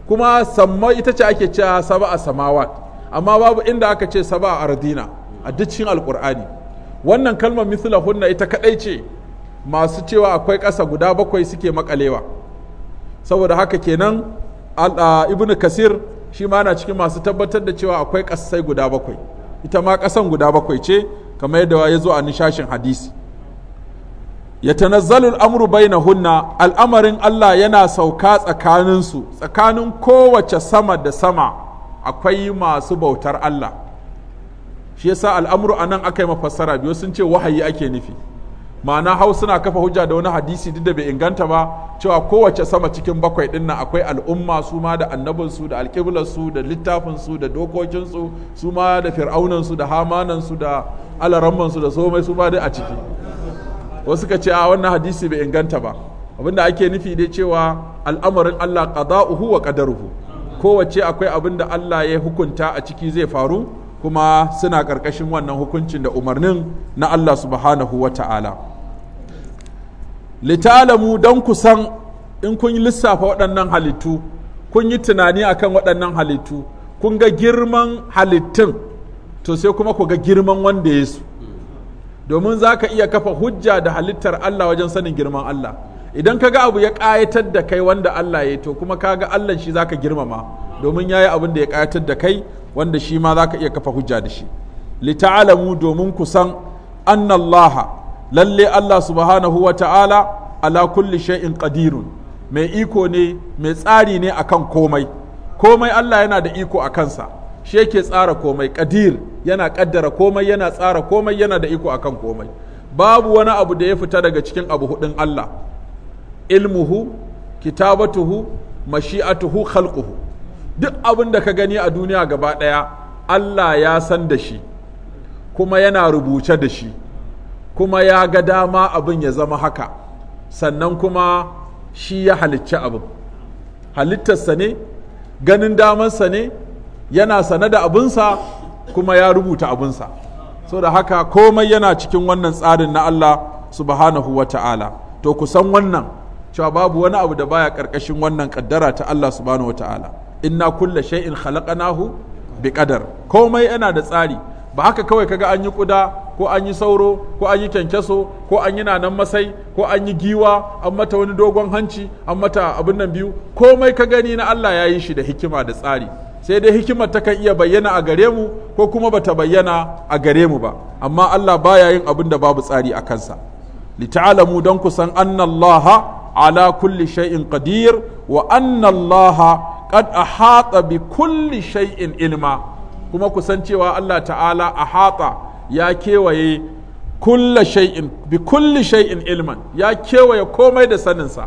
kuma sammai ita ce ake cewa saba'a samawat amma babu inda aka ce saba'a ardina a duk cikin alkur'ani wannan kalmar mithlahunna ita kadai ce masu cewa akwai ƙasa guda bakwai suke makalewa saboda haka kenan Ah, ibn kasir shi ma na cikin masu tabbatar da cewa akwai ƙasai guda bakwai ita ma ƙasan guda bakwai ce kamar yadda ya zo a nishashin hadisi ya tanazzalu al'amuru bai na hunna al'amarin Allah yana sauka tsakaninsu tsakanin kowace sama da sama akwai masu bautar Allah shi yasa al'amuru a nan aka yi mafassara biyu sun ce wahayi ake nufi ma'ana hau suna kafa hujja da wani hadisi duk da bai inganta ba cewa kowace sama cikin bakwai din akwai al'umma su ma da annabinsu da alƙiblarsu da littafinsu da dokokinsu su ma da fir'aunansu da hamanansu da alarammansu da mai su ma a ciki wasu ka ce a wannan hadisi bai inganta ba abin da ake nufi dai cewa al'amarin Allah qada'uhu wa qadaruhu kowace akwai abin da Allah ya hukunta a ciki zai faru kuma suna karkashin wannan hukuncin da umarnin na Allah subhanahu wa ta'ala. litalamu don ku san in kun yi lissafa waɗannan halittu kun yi tunani akan waɗannan halittu kun ga girman halittun to sai kuma ku ga girman wanda ya su domin za ka iya kafa hujja da halittar Allah wajen sanin girman Allah idan ka ga abu ya ƙayatar da kai wanda Allah ya yi to kuma ka ga Allah shi za ka girmama domin ya yi abin da ya ƙayatar da kai wanda shi ma za ka iya kafa hujja da shi lita'alamu domin ku san annallaha lalle Allah subhanahu wa ta'ala ala kulli shay'in qadirun mai iko ne mai tsari ne akan komai komai Allah yana da iko a kansa shi yake tsara komai qadir yana kaddara komai yana tsara komai yana da iko akan komai babu wani abu da ya fita daga cikin abu hudin Allah ilmuhu kitabatuhu mashi'atuhu khalquhu duk abin da ka gani a duniya gaba daya Allah ya san da shi kuma yana rubuce da shi kuma ya ga dama abin ya zama haka sannan kuma shi ya halicci abin halittarsa ne ganin damansa ne yana sane da abinsa kuma ya rubuta abinsa so da haka komai yana cikin wannan tsarin na Allah subhanahu wa ta'ala to ku san wannan cewa babu wani abu da baya ƙarƙashin wannan ƙaddara ta Allah subhanahu wa ta'ala inna kulla shay'in khalaqnahu bi qadar komai yana da tsari ba haka kawai kaga an yi kuda ko an yi sauro ko an yi kyankyaso ko an yi nanan masai ko an yi giwa an mata wani dogon hanci an mata abin nan biyu komai ka gani na Allah ya yi shi da hikima da tsari sai dai hikimar ta kan iya bayyana a gare mu ko kuma bata bayyana a gare mu ba amma Allah baya yin abin da babu tsari a kansa lita'alamu don ku san annallaha ala kulli shay'in qadir wa annallaha qad ahata bi kulli shay'in ilma kuma ku cewa Allah ta'ala a hatsa ya kewaye kulla shay'in bi kulli shay'in ilman ya kewaye komai da saninsa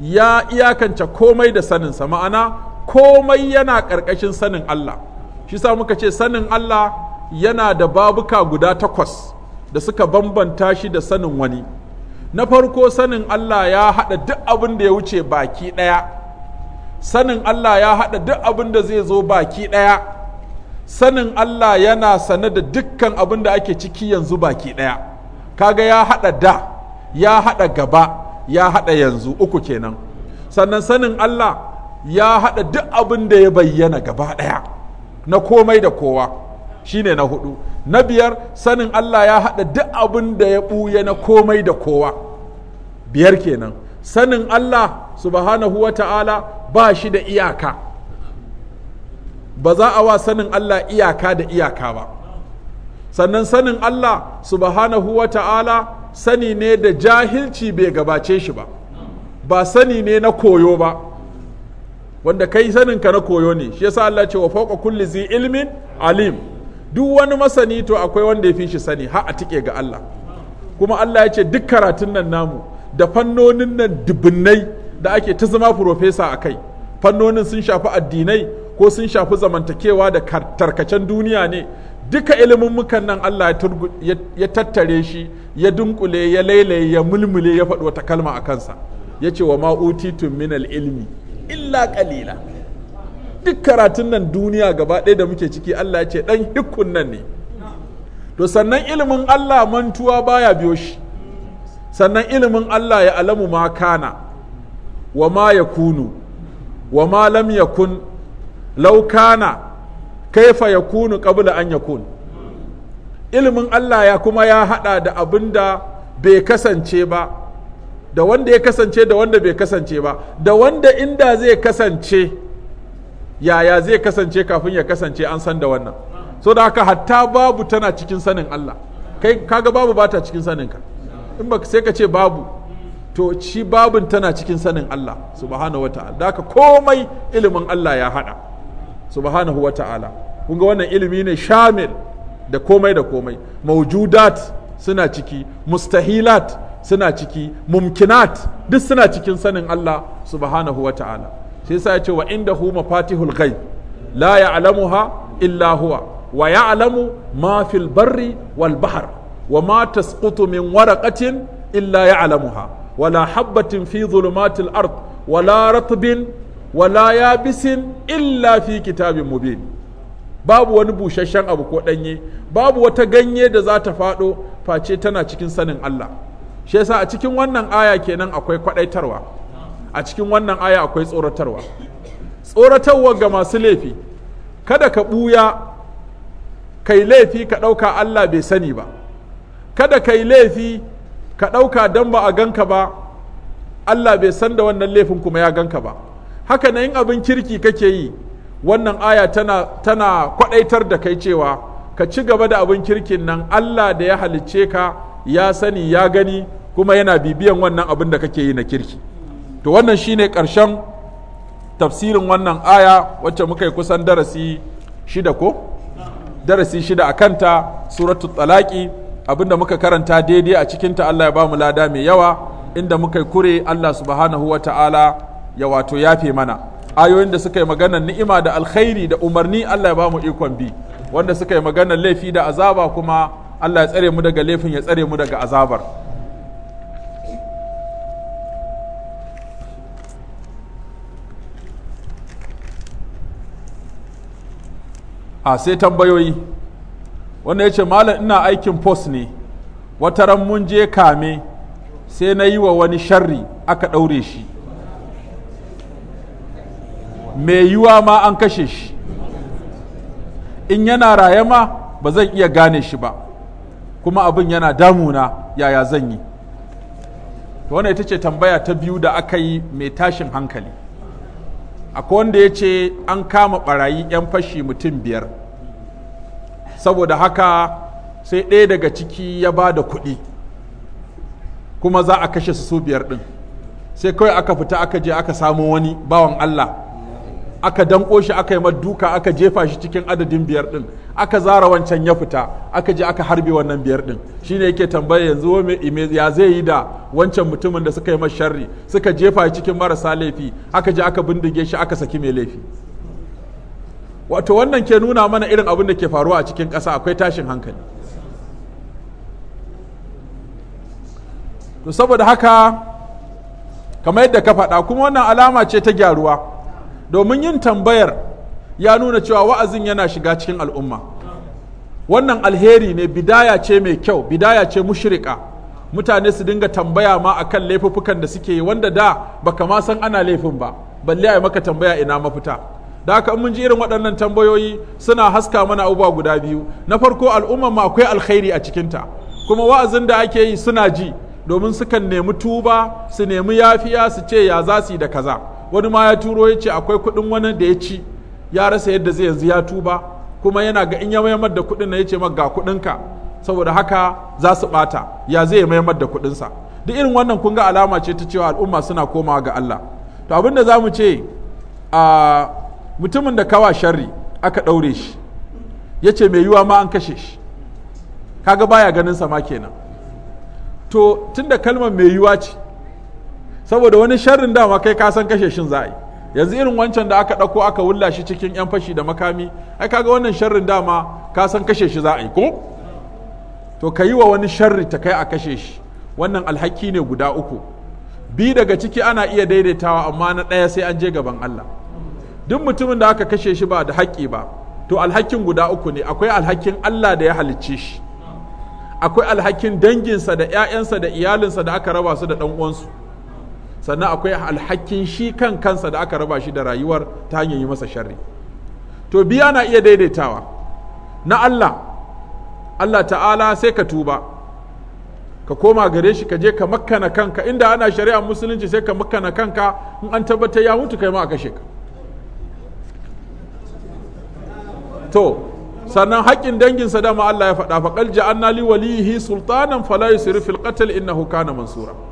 ya iyakance komai da saninsa ma'ana komai yana ƙarƙashin sanin Allah shi sa muka ce sanin Allah yana da babuka guda takwas da suka bambanta shi da sanin wani na farko sanin Allah ya haɗa duk abin da ya wuce baki ɗaya sanin Allah ya haɗa duk abin da zai zo baki ɗaya sanin Allah yana sane da dukkan abin da ake ciki yanzu baki ɗaya kaga ya haɗa da ya haɗa gaba ya haɗa yanzu uku kenan sannan sanin Allah ya haɗa duk abin da ya bayyana gaba ɗaya na komai da kowa shine na hudu na biyar sanin Allah ya haɗa duk abin da ya ɓuya na komai da kowa biyar kenan sanin Allah subhanahu wa ta'ala ba shi da iyaka ba za a wa sanin Allah iyaka da iyaka ba sannan sanin Allah subhanahu wa ta'ala sani ne da jahilci bai gabace shi ba ba sani ne na koyo ba wanda kai sanin ka na koyo ne shi yasa Allah ce wa fawqa kulli zi ilmin alim duk wani masani to akwai wanda ya fi shi sani har a tike ga Allah kuma Allah ya ce duk karatun nan namu da fannonin nan dubunnai da ake ta zama profesa a kai fannonin sun shafi addinai ko sun shafi zamantakewa da tarkacen duniya ne duka ilimin mukan nan Allah ya tattare shi ya dunkule ya lailaye ya mulmule ya faɗi wata kalma a kansa ya ce wa ma'utitun min ilmi illa kalila duk karatun nan duniya gaba ɗaya da muke ciki Allah ya ce ɗan hikun nan ne to sannan ilimin Allah mantuwa baya biyo shi sannan ilimin Allah ya alamu ma kana wa ma ya kunu wa ma lam yakun laukana kaifa ya kunu ƙabula an ya kunu ilimin Allah ya kuma ya haɗa da abin da bai kasance ba da wanda ya kasance da wanda bai kasance ba da wanda inda zai kasance yaya zai kasance kafin ya kasance an san da wannan so da haka hatta babu tana cikin sanin Allah kai kaga babu bata cikin sanin ka. in ba sai ka ce babu to shi babin tana cikin sanin Allah subhanahu wataala da haka komai ilimin Allah ya haɗa subhanahu wa ta'ala kun ga wannan ilimi ne shamil da komai da komai maujudat suna ciki mustahilat suna ciki mumkinat duk suna cikin sanin Allah subhanahu wa ta'ala sai yasa ya ce wa inda indahu mafatihul ghaib la ya'lamuha illa huwa wa ya'lamu ma fil barri wal bahr wa ma tasqutu min waraqatin illa ya'lamuha wala habatin fi dhulumatil ard wala ratbin wala ya bisin illa fi kitabin mubin babu wani busasshen abu ko ɗanye babu wata ganye da za ta faɗo face tana cikin sanin Allah shi yasa a cikin wannan aya kenan akwai kwaɗaitarwa a cikin wannan aya akwai tsoratarwa tsoratarwa ga masu laifi kada ka ɓuya kai laifi ka ɗauka Allah bai sani ba kada ka laifi ka ɗauka don ba a ganka ba Allah bai san da wannan laifin kuma ya ganka ba haka nan abin kirki kake yi wannan aya tana tana da kai cewa ka ci gaba da abin kirkin nan Allah da ya halicce ka ya sani ya gani kuma yana bibiyan wannan abin da kake yi na kirki to wannan shine karshen tafsirin wannan aya wacce muka yi kusan darasi shida ko darasi shida a kanta suratu talaki da muka karanta daidai a cikinta Allah ya ba mu lada mai yawa inda muka yi kure Allah subhanahu wa ta'ala ya wato yafe mana ayoyin da suka yi maganar ni'ima da alkhairi da umarni Allah ya ba mu ikon bi wanda suka yi maganar laifi da azaba kuma Allah ya tsare mu daga laifin ya tsare mu daga azabar a sai tambayoyi wanda ya ce malam ina aikin post ne wata ran mun je kame sai na yi wa wani sharri aka ɗaure shi mai yiwa ma an kashe shi in yana raye ma ba zan iya gane shi ba kuma abin yana damuna yaya zan yi wannan ita ce tambaya ta biyu da aka yi mai tashin hankali akwai wanda ya ce an kama barayi 'yan fashi mutum biyar saboda haka sai ɗaya daga ciki ya ba da kuɗi kuma za a kashe su biyar ɗin sai kawai aka fita aka je aka samo wani bawan allah aka danko shi aka yi duka aka jefa shi cikin adadin biyar din aka zara wancan ya fita aka je aka harbe wannan biyar din shine yake tambaya yanzu me ya zai yi da wancan mutumin da suka yi masa sharri suka jefa shi cikin marasa laifi aka je aka bindige shi aka saki mai laifi wato wannan ke nuna mana irin abin da ke faruwa a cikin ƙasa akwai tashin hankali to saboda haka kamar yadda ka faɗa kuma wannan alama ce ta gyaruwa domin yin tambayar ya nuna cewa wa'azin yana shiga cikin al'umma wannan alheri ne bidaya ce mai kyau bidaya ce mushrika mutane su dinga tambaya ma akan laifuffukan da suke yi wanda da baka ma san ana laifin ba balle a maka tambaya ina mafita da haka mun ji irin waɗannan tambayoyi suna haska mana abubuwa guda biyu na farko al'umma ma akwai alkhairi a cikinta kuma wa'azin da ake yi suna ji domin sukan nemi tuba su nemi yafiya su ce ya za su yi da kaza wani ma ya turo ya ce akwai kuɗin wani da ya ci ya rasa yadda zai yanzu ya tuba kuma yana ga in ya mayamar da kuɗin na ya ce ma ga kuɗinka saboda haka za su ɓata ya zai ya maimar da kuɗinsa duk irin wannan kun ga alama ce ta cewa al'umma suna komawa ga Allah to abin da za mu ce a mutumin da kawa sharri aka ɗaure shi ya ce mai yiwa ma an kashe shi kaga baya ganin sama kenan to tunda kalmar mai yiwa ce saboda wani sharrin dama kai ka san kashe shin za yanzu irin wancan da aka ɗauko aka wulla shi cikin 'yan fashi da makami ai kaga wannan sharrin dama ka san kashe shi za a yi ko to ka yi wa wani sharri ta kai a kashe shi wannan alhaki ne guda uku bi daga ciki ana iya daidaitawa amma na ɗaya sai an je gaban Allah duk mutumin da aka kashe shi ba da haƙƙi ba to alhakin guda uku ne akwai alhakin Allah da ya halicce shi akwai alhakin danginsa da 'ya'yansa da iyalinsa da aka raba su da ɗan uwansu sannan akwai alhakin shi kan kansa da aka raba shi da rayuwar ta hanyar yi masa sharri to biya na iya daidaitawa na Allah Allah ta'ala sai ka tuba ka koma gare shi ka je ka makkana kanka inda ana shari'a musulunci sai ka makkana kanka in an tabbatar ya mutu kai ma a kashe ka to sannan haƙƙin danginsa dama Allah ya faɗa faƙal ja'anna li walihi sultanan fala yusrif fil qatl innahu kana mansura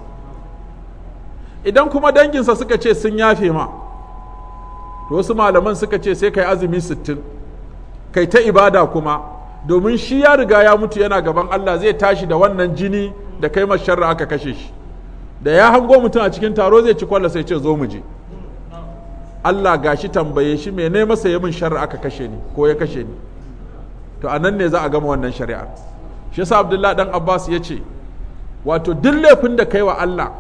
idan kuma danginsa suka ce sun yafe ma to wasu malaman suka ce sai kai azumi sittin kai ta ibada kuma domin shi ya riga ya mutu yana gaban Allah zai tashi da wannan jini da kai masharra aka kashe shi da ya hango mutum a cikin taro zai ci kwallo sai ce zo mu je Allah gashi tambaye shi me ne masa yamin sharra aka kashe ni ko ya kashe ni to a nan ne za a gama wannan shari'a shi yasa Abdullahi dan Abbas ya ce wato duk laifin da kai wa Allah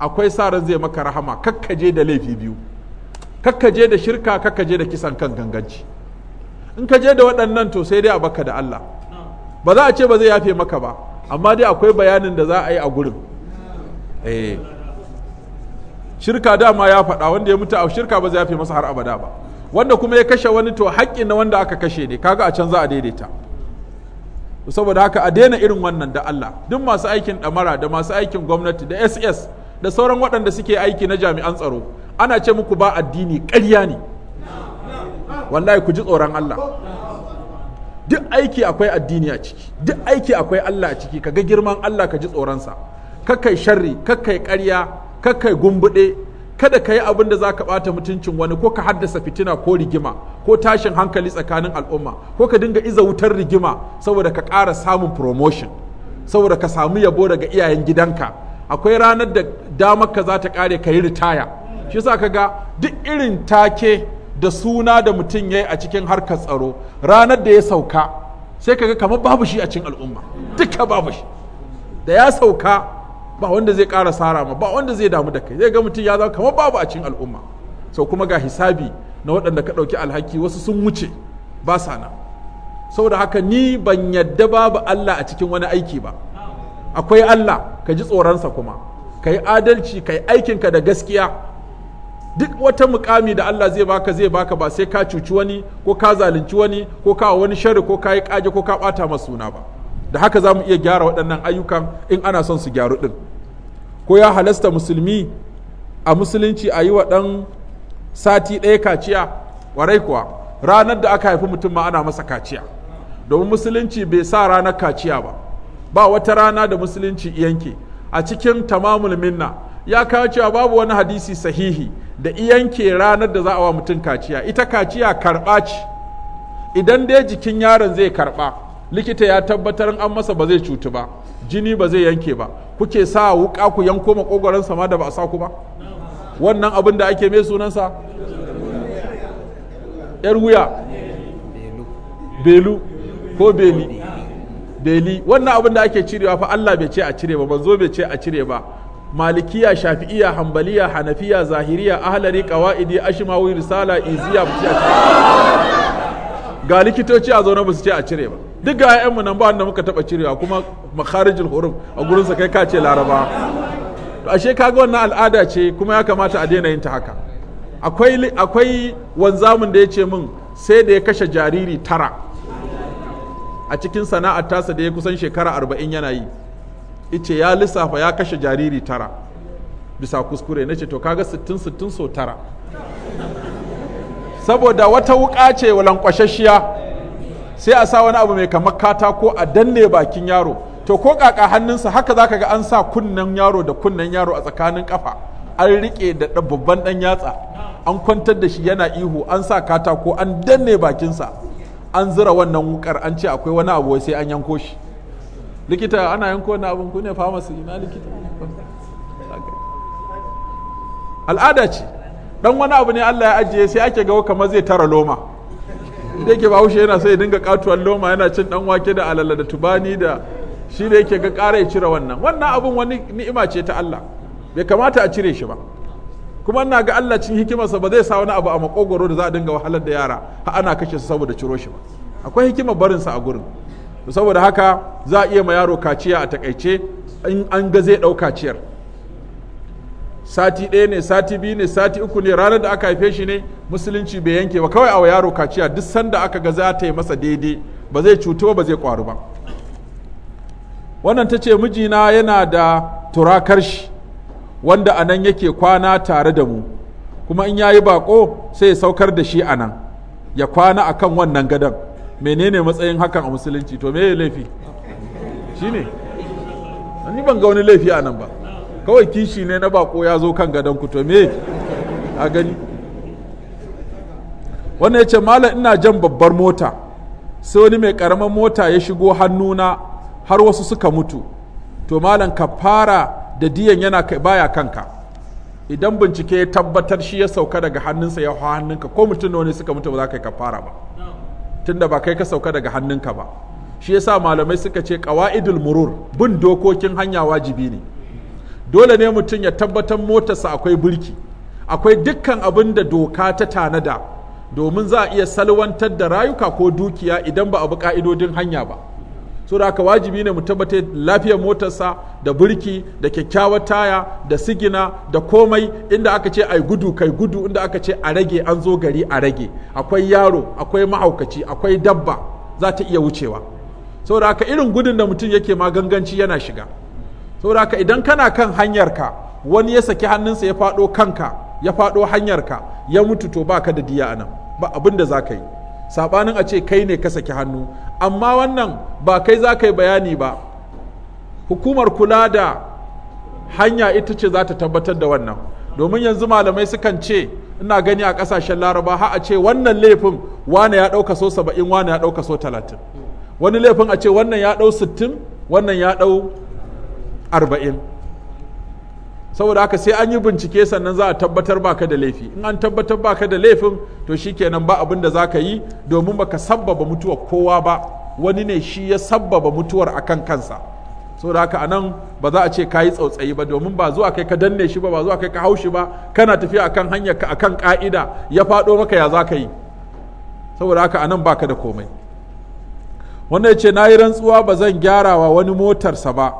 akwai sa ran zai maka rahama kakkaje da laifi biyu kakkaje da shirka kakkaje da kisan kan ganganci in ka je da waɗannan to sai dai a baka da Allah ba za a ce ba zai yafe maka ba amma dai akwai bayanin da za a yi a gurin eh shirka dama ya faɗa wanda ya mutu a shirka ba zai yafe masa har abada ba wanda kuma ya kashe wani to haƙƙin na wanda aka kashe ne kaga a can za a daidaita saboda haka a daina irin wannan da Allah duk masu aikin ɗamara da masu aikin gwamnati da SS da sauran waɗanda suke aiki na jami'an tsaro ana ce muku ba addini ƙarya ne wallahi ku ji tsoron Allah duk aiki akwai addini a ciki duk aiki akwai Allah a ciki ka ga girman Allah ka ji tsoronsa kakai sharri kakai ƙarya kakai gumbuɗe kada ka yi abin da za ka ɓata mutuncin wani ko ka haddasa fitina ko rigima ko tashin hankali tsakanin al'umma ko ka dinga iza wutar rigima saboda ka ƙara samun promotion saboda ka samu yabo daga iyayen gidanka akwai ranar da damar ka za ta kare ka yi ritaya shi sa ka ga duk irin take da suna da mutum ya yi a cikin harkar tsaro ranar da ya sauka sai ka ga kamar babu shi a cikin al'umma duka babu shi da ya sauka ba wanda zai ƙara sara ma ba wanda zai damu da kai zai ga mutum ya zama kamar babu a cikin al'umma sau kuma ga hisabi na waɗanda ka ɗauki alhaki wasu sun wuce ba sana saboda haka ni ban yadda babu Allah a cikin wani aiki ba akwai Allah ka ji tsoronsa kuma ka yi adalci ka yi aikinka da gaskiya duk wata mukami da Allah zai baka zai baka ba sai ka cuci wani ko ka zalunci wani ko ka wani shari ko ka yi kage ko ka bata masa suna ba da haka za mu iya gyara waɗannan ayyukan in ana son su gyaru din. ko ya halasta musulmi a musulunci a yi wa ɗan sati ɗaya kaciya warai kuwa ranar da aka haifi mutum ma ana masa kaciya domin musulunci bai sa ranar kaciya ba ba wata rana da musulunci yanke a cikin tamamul minna ya kawo cewa babu wani hadisi sahihi da yanke ranar da za a wa mutum kaciya ita kaciya karɓa ce idan dai jikin yaron zai karɓa likita ya tabbatar an masa ba zai cutu ba jini ba zai yanke ba kuke sa wuka ku yanko makogoron sama da ba a sa ku ba wannan abin da ake mai sunansa yar wuya belu ko beli beli wannan abin da ake cirewa fa Allah bai ce a cire ba manzo bai ce a cire ba malikiya shafi'iya hambaliya hanafiya zahiriya ahlari qawaidi ashmawi risala iziya ba ce ga likitoci a zaune ba su ce a cire ba duk ga mu nan ba wanda muka taba cirewa kuma makharijul hurum a gurin sa kai ka ce laraba to ashe kaga wannan al'ada ce kuma ya kamata a daina yin ta haka akwai akwai wanzamin da ya ce min sai da ya kashe jariri tara a cikin sana'ar tasa da ya kusan shekara arba'in yana yi ice ya lissafa ya kashe jariri tara bisa kuskure na ce to kaga sittin sittin so tara saboda wata wuka ce kwashashiya sai a sa wani abu mai kamar katako a danne bakin yaro to ko kaka hannunsa haka za ka ga an sa kunnen yaro da kunnen yaro a tsakanin ƙafa? an rike da babban ɗan yatsa an kwantar da shi yana ihu an sa katako an danne bakinsa an zura wannan wukar an ce akwai wani abu sai an yanko shi likita ana yanko wani abu ku famasi ina likita al'ada ce dan wani abu ne Allah ya ajiye sai ake gawo kamar zai tara loma da yake bahaushe yana sai ya dinga katuwar loma yana cin dan wake da alala da tubani da shi da yake ga kara ya cire wannan wannan abun wani ni'ima ce ta Allah bai kamata a cire shi ba kuma ina ga Allah cin hikimarsa ba zai sa wani abu a makogoro da za a dinga wahalar da yara har ana kashe su saboda ciro shi ba akwai hikimar barinsa a gurin saboda haka za a iya ma yaro kaciya a takaice in an ga zai ɗau kaciyar sati ɗaya ne sati biyu ne sati uku ne ranar da aka haife shi ne musulunci bai yanke ba kawai a yaro kaciya duk sanda aka ga za ta yi masa daidai ba zai cutu ba zai kwaru ba wannan ta ce mijina yana da turakar shi wanda a nan yake kwana tare da mu kuma in yayi bako sai ya saukar da shi a nan ya kwana a kan wannan gadon menene matsayin hakan a musulunci to me laifi shi ne ni ban ga wani laifi a nan ba kawai kishi ne na bako ya zo kan gadon ku to me a gani wannan ya ce malam ina jan babbar mota sai wani mai karamin mota ya shigo hannuna har wasu suka mutu to malam ka fara da diyan yana baya kanka idan bincike ya tabbatar shi ya sauka daga hannunsa ya hannunka ko mutum wani suka mutu ba za ka yi kafara ba tunda ba kai ka sauka daga hannunka ba shi yasa malamai suka ce qawaidul murur bin dokokin hanya wajibi ne dole ne mutum ya tabbatar motarsa akwai burki akwai dukkan abin da doka ta tanada domin za a iya salwantar da rayuka ko dukiya idan ba a bi ka'idodin hanya ba saboda haka wajibi ne mu tabbatar lafiyar motarsa da burki da kyakkyawar taya da sigina da komai inda aka ce ai gudu kai gudu inda aka ce a rage an zo gari a rage akwai yaro akwai mahaukaci akwai dabba za ta iya wucewa saboda haka irin gudun da mutum yake maganganci yana shiga saboda haka idan kana kan hanyarka wani ya saki hannunsa ya faɗo kanka ya faɗo hanyarka ya mutu to baka da diya anan ba abin da za ka yi sabanin a ce kai ne ka saki hannu amma wannan ba kai za ka yi bayani ba hukumar kula da hanya ita ce za ta tabbatar da wannan domin yanzu malamai sukan ce ina gani a kasashen laraba har a ce wannan laifin wane ya ɗauka so saba'in wane ya ɗauka so talatin wani laifin a ce wannan ya ɗau sittin wannan ya ɗau arba'in saboda haka sai an yi bincike sannan za a tabbatar baka da laifi in an tabbatar baka da laifin to shikenan ba abin da za ka yi domin baka sabbaba mutuwar kowa ba wani ne shi ya sabbaba mutuwar akan kansa saboda haka anan ba za a ce ka yi tsautsayi ba domin ba zuwa kai ka danne shi ba ba zuwa kai ka haushi ba kana tafiya akan hanyar ka akan ka'ida ya faɗo maka ya za ka yi saboda haka anan baka da komai wannan ya ce na yi rantsuwa ba zan gyara wa wani motarsa ba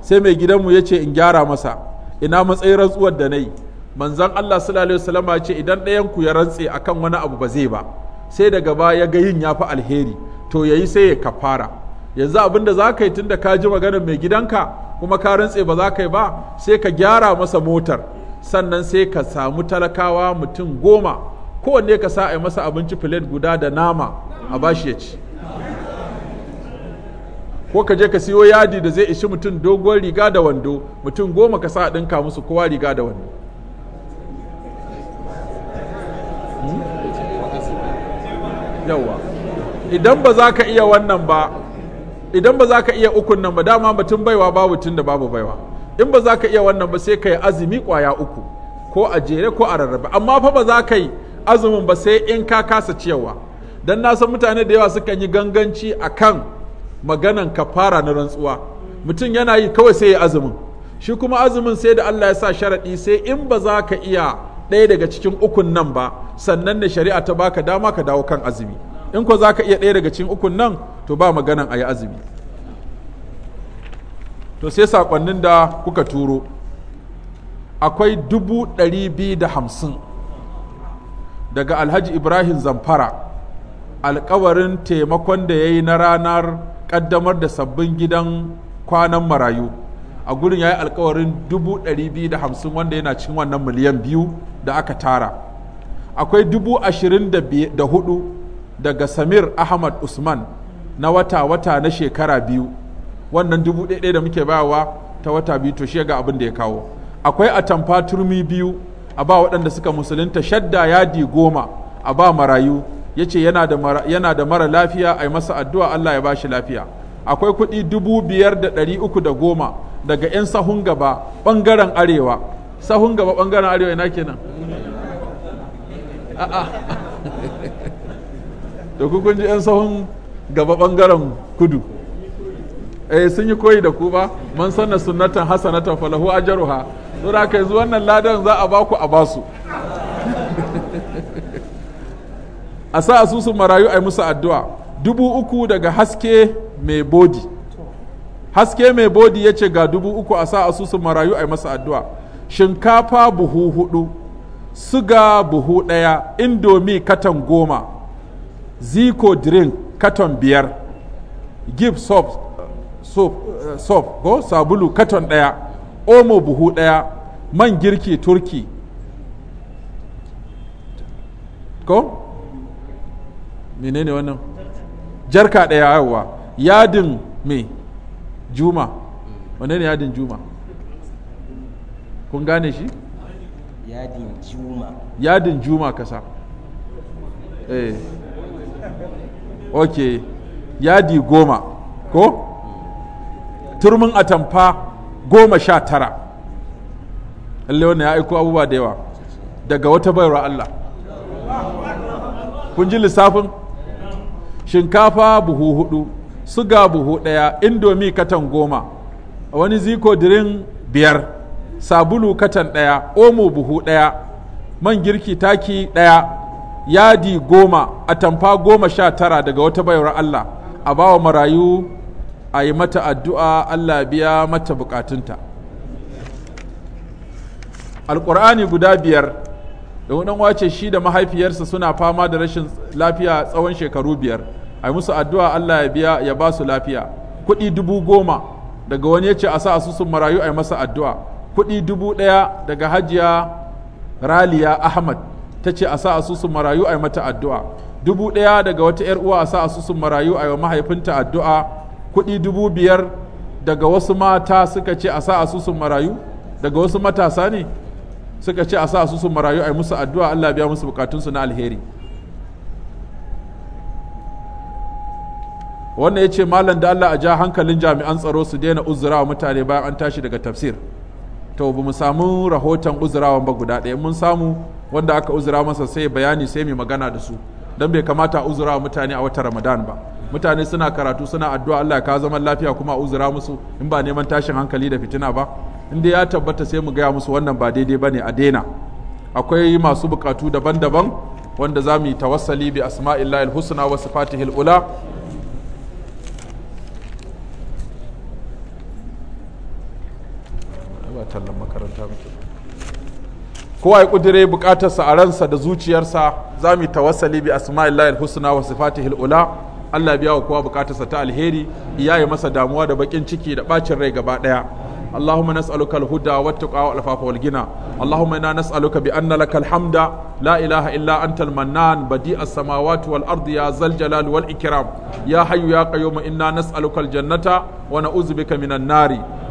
sai mai gidanmu ya ce in gyara masa ina matsayin rantsuwar da na yi manzan Allah sallallahu alaihi ya ce idan ɗayan ku ya rantse akan wani abu ba zai ba sai daga baya ga yin ya fi alheri to ya yi sai ya kafara yanzu abin da za ka yi tun da ka ji maganar mai gidanka kuma ka rantse ba za ka yi ba sai ka gyara masa motar sannan sai ka samu talakawa mutum goma kowanne ka sa a yi masa abinci filet guda da nama a bashi ya ci ko ka je ka siyo yadi da zai ishi mutum doguwar riga da wando mutum goma ka sa a ɗinka musu kowa riga da wando hmm? yawa idan ba za ka iya wannan ba idan ba za ka iya ukun nan ba dama mutum baiwa babu tun da babu baiwa in ba za ka iya wannan ba sai ka yi azumi kwaya uku ko a jere ko a rarrabe amma fa ba za ka yi azumin ba sai in ka kasa ciyarwa don na san mutane da yawa sukan yi ganganci a kan maganan kafara na rantsuwa mutum yana yi kawai sai ya azumin shi kuma azumin sai da Allah ya sa sharaɗi sai in ba za ka iya ɗaya daga cikin ukun nan ba sannan da shari'a ta baka dama ka dawo kan azumi in ko za ka iya ɗaya daga cikin ukun nan to ba maganan a yi azumi to sai saƙonnin da kuka turo akwai dubu ɗari biyu da hamsin daga alhaji ibrahim zamfara alkawarin taimakon da ya yi na ranar kaddamar da sabbin gidan kwanan marayu a gurin ya yi alkawarin 250 wanda yana cikin wannan miliyan biyu da aka tara akwai 24,000 daga samir ahmad usman na wata-wata na shekara biyu wannan 1,000 da muke bayawa ta wata biyu to shi ga abin da ya kawo akwai atamfa turmi biyu a ba waɗanda suka musulunta shadda yadi goma a ba marayu ya ce yana da mara lafiya a yi masa addu'a Allah ya ba shi lafiya akwai kuɗi dubu biyar da ɗari uku da goma daga 'yan sahun gaba ɓangaren arewa sahun gaba ɓangaren arewa ina kenan da <laughs> kukun kun ji 'yan sahun gaba ɓangaren kudu eh sun yi koyi da ku ba man sanna sunnatan hasanatan falahu ajruha saboda haka kai wannan ladan za a baku a basu a sa asusun marayu a yi musu addu'a dubu uku daga haske mai bodi haske mai bodi ya ce ga dubu uku a sa asusun marayu a yi masa addu'a shinkafa buhu hudu suga buhu ɗaya indomi katon goma ziko drink katon biyar gif soap, soap, eh, soap go sabulu katon ɗaya omo buhu ɗaya man girki turki ko menene wannan jarka da yawa yadin me juma wane ne yadin juma kun gane shi yadin juma yadin juma kasa eh okay yadi goma ko turmin atamfa goma sha tara lalle wannan ya aiko abubuwa da yawa daga wata baiwa Allah kun ji lissafin shinkafa buhu hudu suga buhu ɗaya indomi katan goma wani ziko dirin biyar sabulu katan ɗaya omo buhu ɗaya man girki taki ɗaya yadi goma atamfa goma sha tara daga wata bayar Allah a bawa marayu a yi mata addu'a Allah biya mata bukatunta alƙur'ani guda biyar da wani wace shi da mahaifiyarsa suna fama da rashin lafiya tsawon shekaru biyar a musu addu'a Allah ya biya ya ba su lafiya kuɗi dubu goma daga wani ya ce a sa asusun marayu a masa addu'a kuɗi dubu ɗaya daga hajiya raliya ahmad ta ce a sa asusun marayu a mata addu'a dubu ɗaya daga wata ‘yar uwa a sa asusun marayu a wa mahaifinta addu'a kuɗi dubu biyar daga wasu mata suka ce a sa asusun marayu daga wasu matasa ne suka ce a sa su su marayu a yi musu addu'a Allah biya musu bukatunsu na alheri wannan ya ce malam da Allah a ja hankalin jami'an tsaro su daina uzurawa mutane bayan an tashi daga tafsir to ba mu samu rahoton uzurawan ba guda ɗaya mun samu wanda aka uzura masa sai bayani sai mai magana da su don bai kamata a uzurawa mutane a wata ramadan ba mutane suna karatu suna addu'a Allah ka zama lafiya kuma a uzura musu in ba neman tashin hankali da fitina ba inda ya tabbata sai mu gaya musu wannan ba daidai bane a daina akwai masu bukatu daban-daban wanda za mu yi tawassali bi asma'illahi husna wa sifatihil ula kowa ya kudire bukatarsa a ransa da zuciyarsa za mu yi tawassali bi asma'illahi husna wa sifatihil ula Allah biya wa kowa bukatarsa ta alheri iyaye masa damuwa da bakin ciki da bacin rai gaba daya اللهم نسألك الهدى والتقى والعفاف والغنى اللهم إنا نسألك بأن لك الحمد لا إله إلا أنت المنان بديع السماوات والأرض يا ذا الجلال والإكرام يا حي يا قيوم إنا نسألك الجنة ونعوذ بك من النار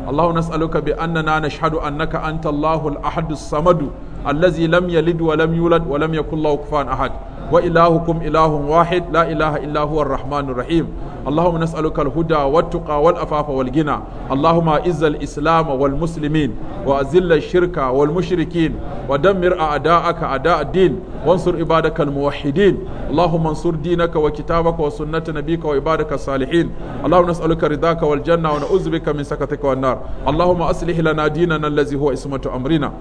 اللهم نسألك بأننا نشهد أنك أنت الله الأحد الصمد allazi lam yalid wa lam yulad wa lam yakul lahu kufuwan ahad wa ilahukum ilahun wahid la ilaha illa huwa arrahmanur rahim اللهم نسألك الهدى والتقى والأفاف والغنى اللهم أعز الإسلام والمسلمين وأذل الشرك والمشركين ودمر أعداءك أعداء الدين وانصر عبادك الموحدين اللهم انصر دينك وكتابك وسنة نبيك وعبادك الصالحين اللهم نسألك رضاك والجنة ونعوذ بك من سكتك والنار اللهم أصلح لنا ديننا الذي هو اسمة أمرنا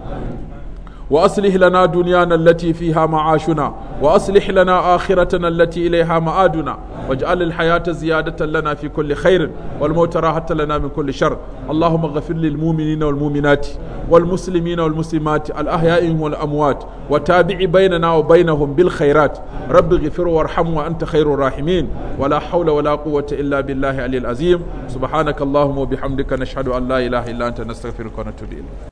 وأصلح لنا دنيانا التي فيها معاشنا وأصلح لنا آخرتنا التي إليها معادنا واجعل الحياة زيادة لنا في كل خير والموت راحة لنا من كل شر اللهم اغفر للمؤمنين والمؤمنات والمسلمين والمسلمات الأحياء والأموات وتابع بيننا وبينهم بالخيرات رب اغفر وارحم وأنت خير الراحمين ولا حول ولا قوة إلا بالله العلي العظيم سبحانك اللهم وبحمدك نشهد أن لا إله إلا أنت نستغفرك ونتوب إليك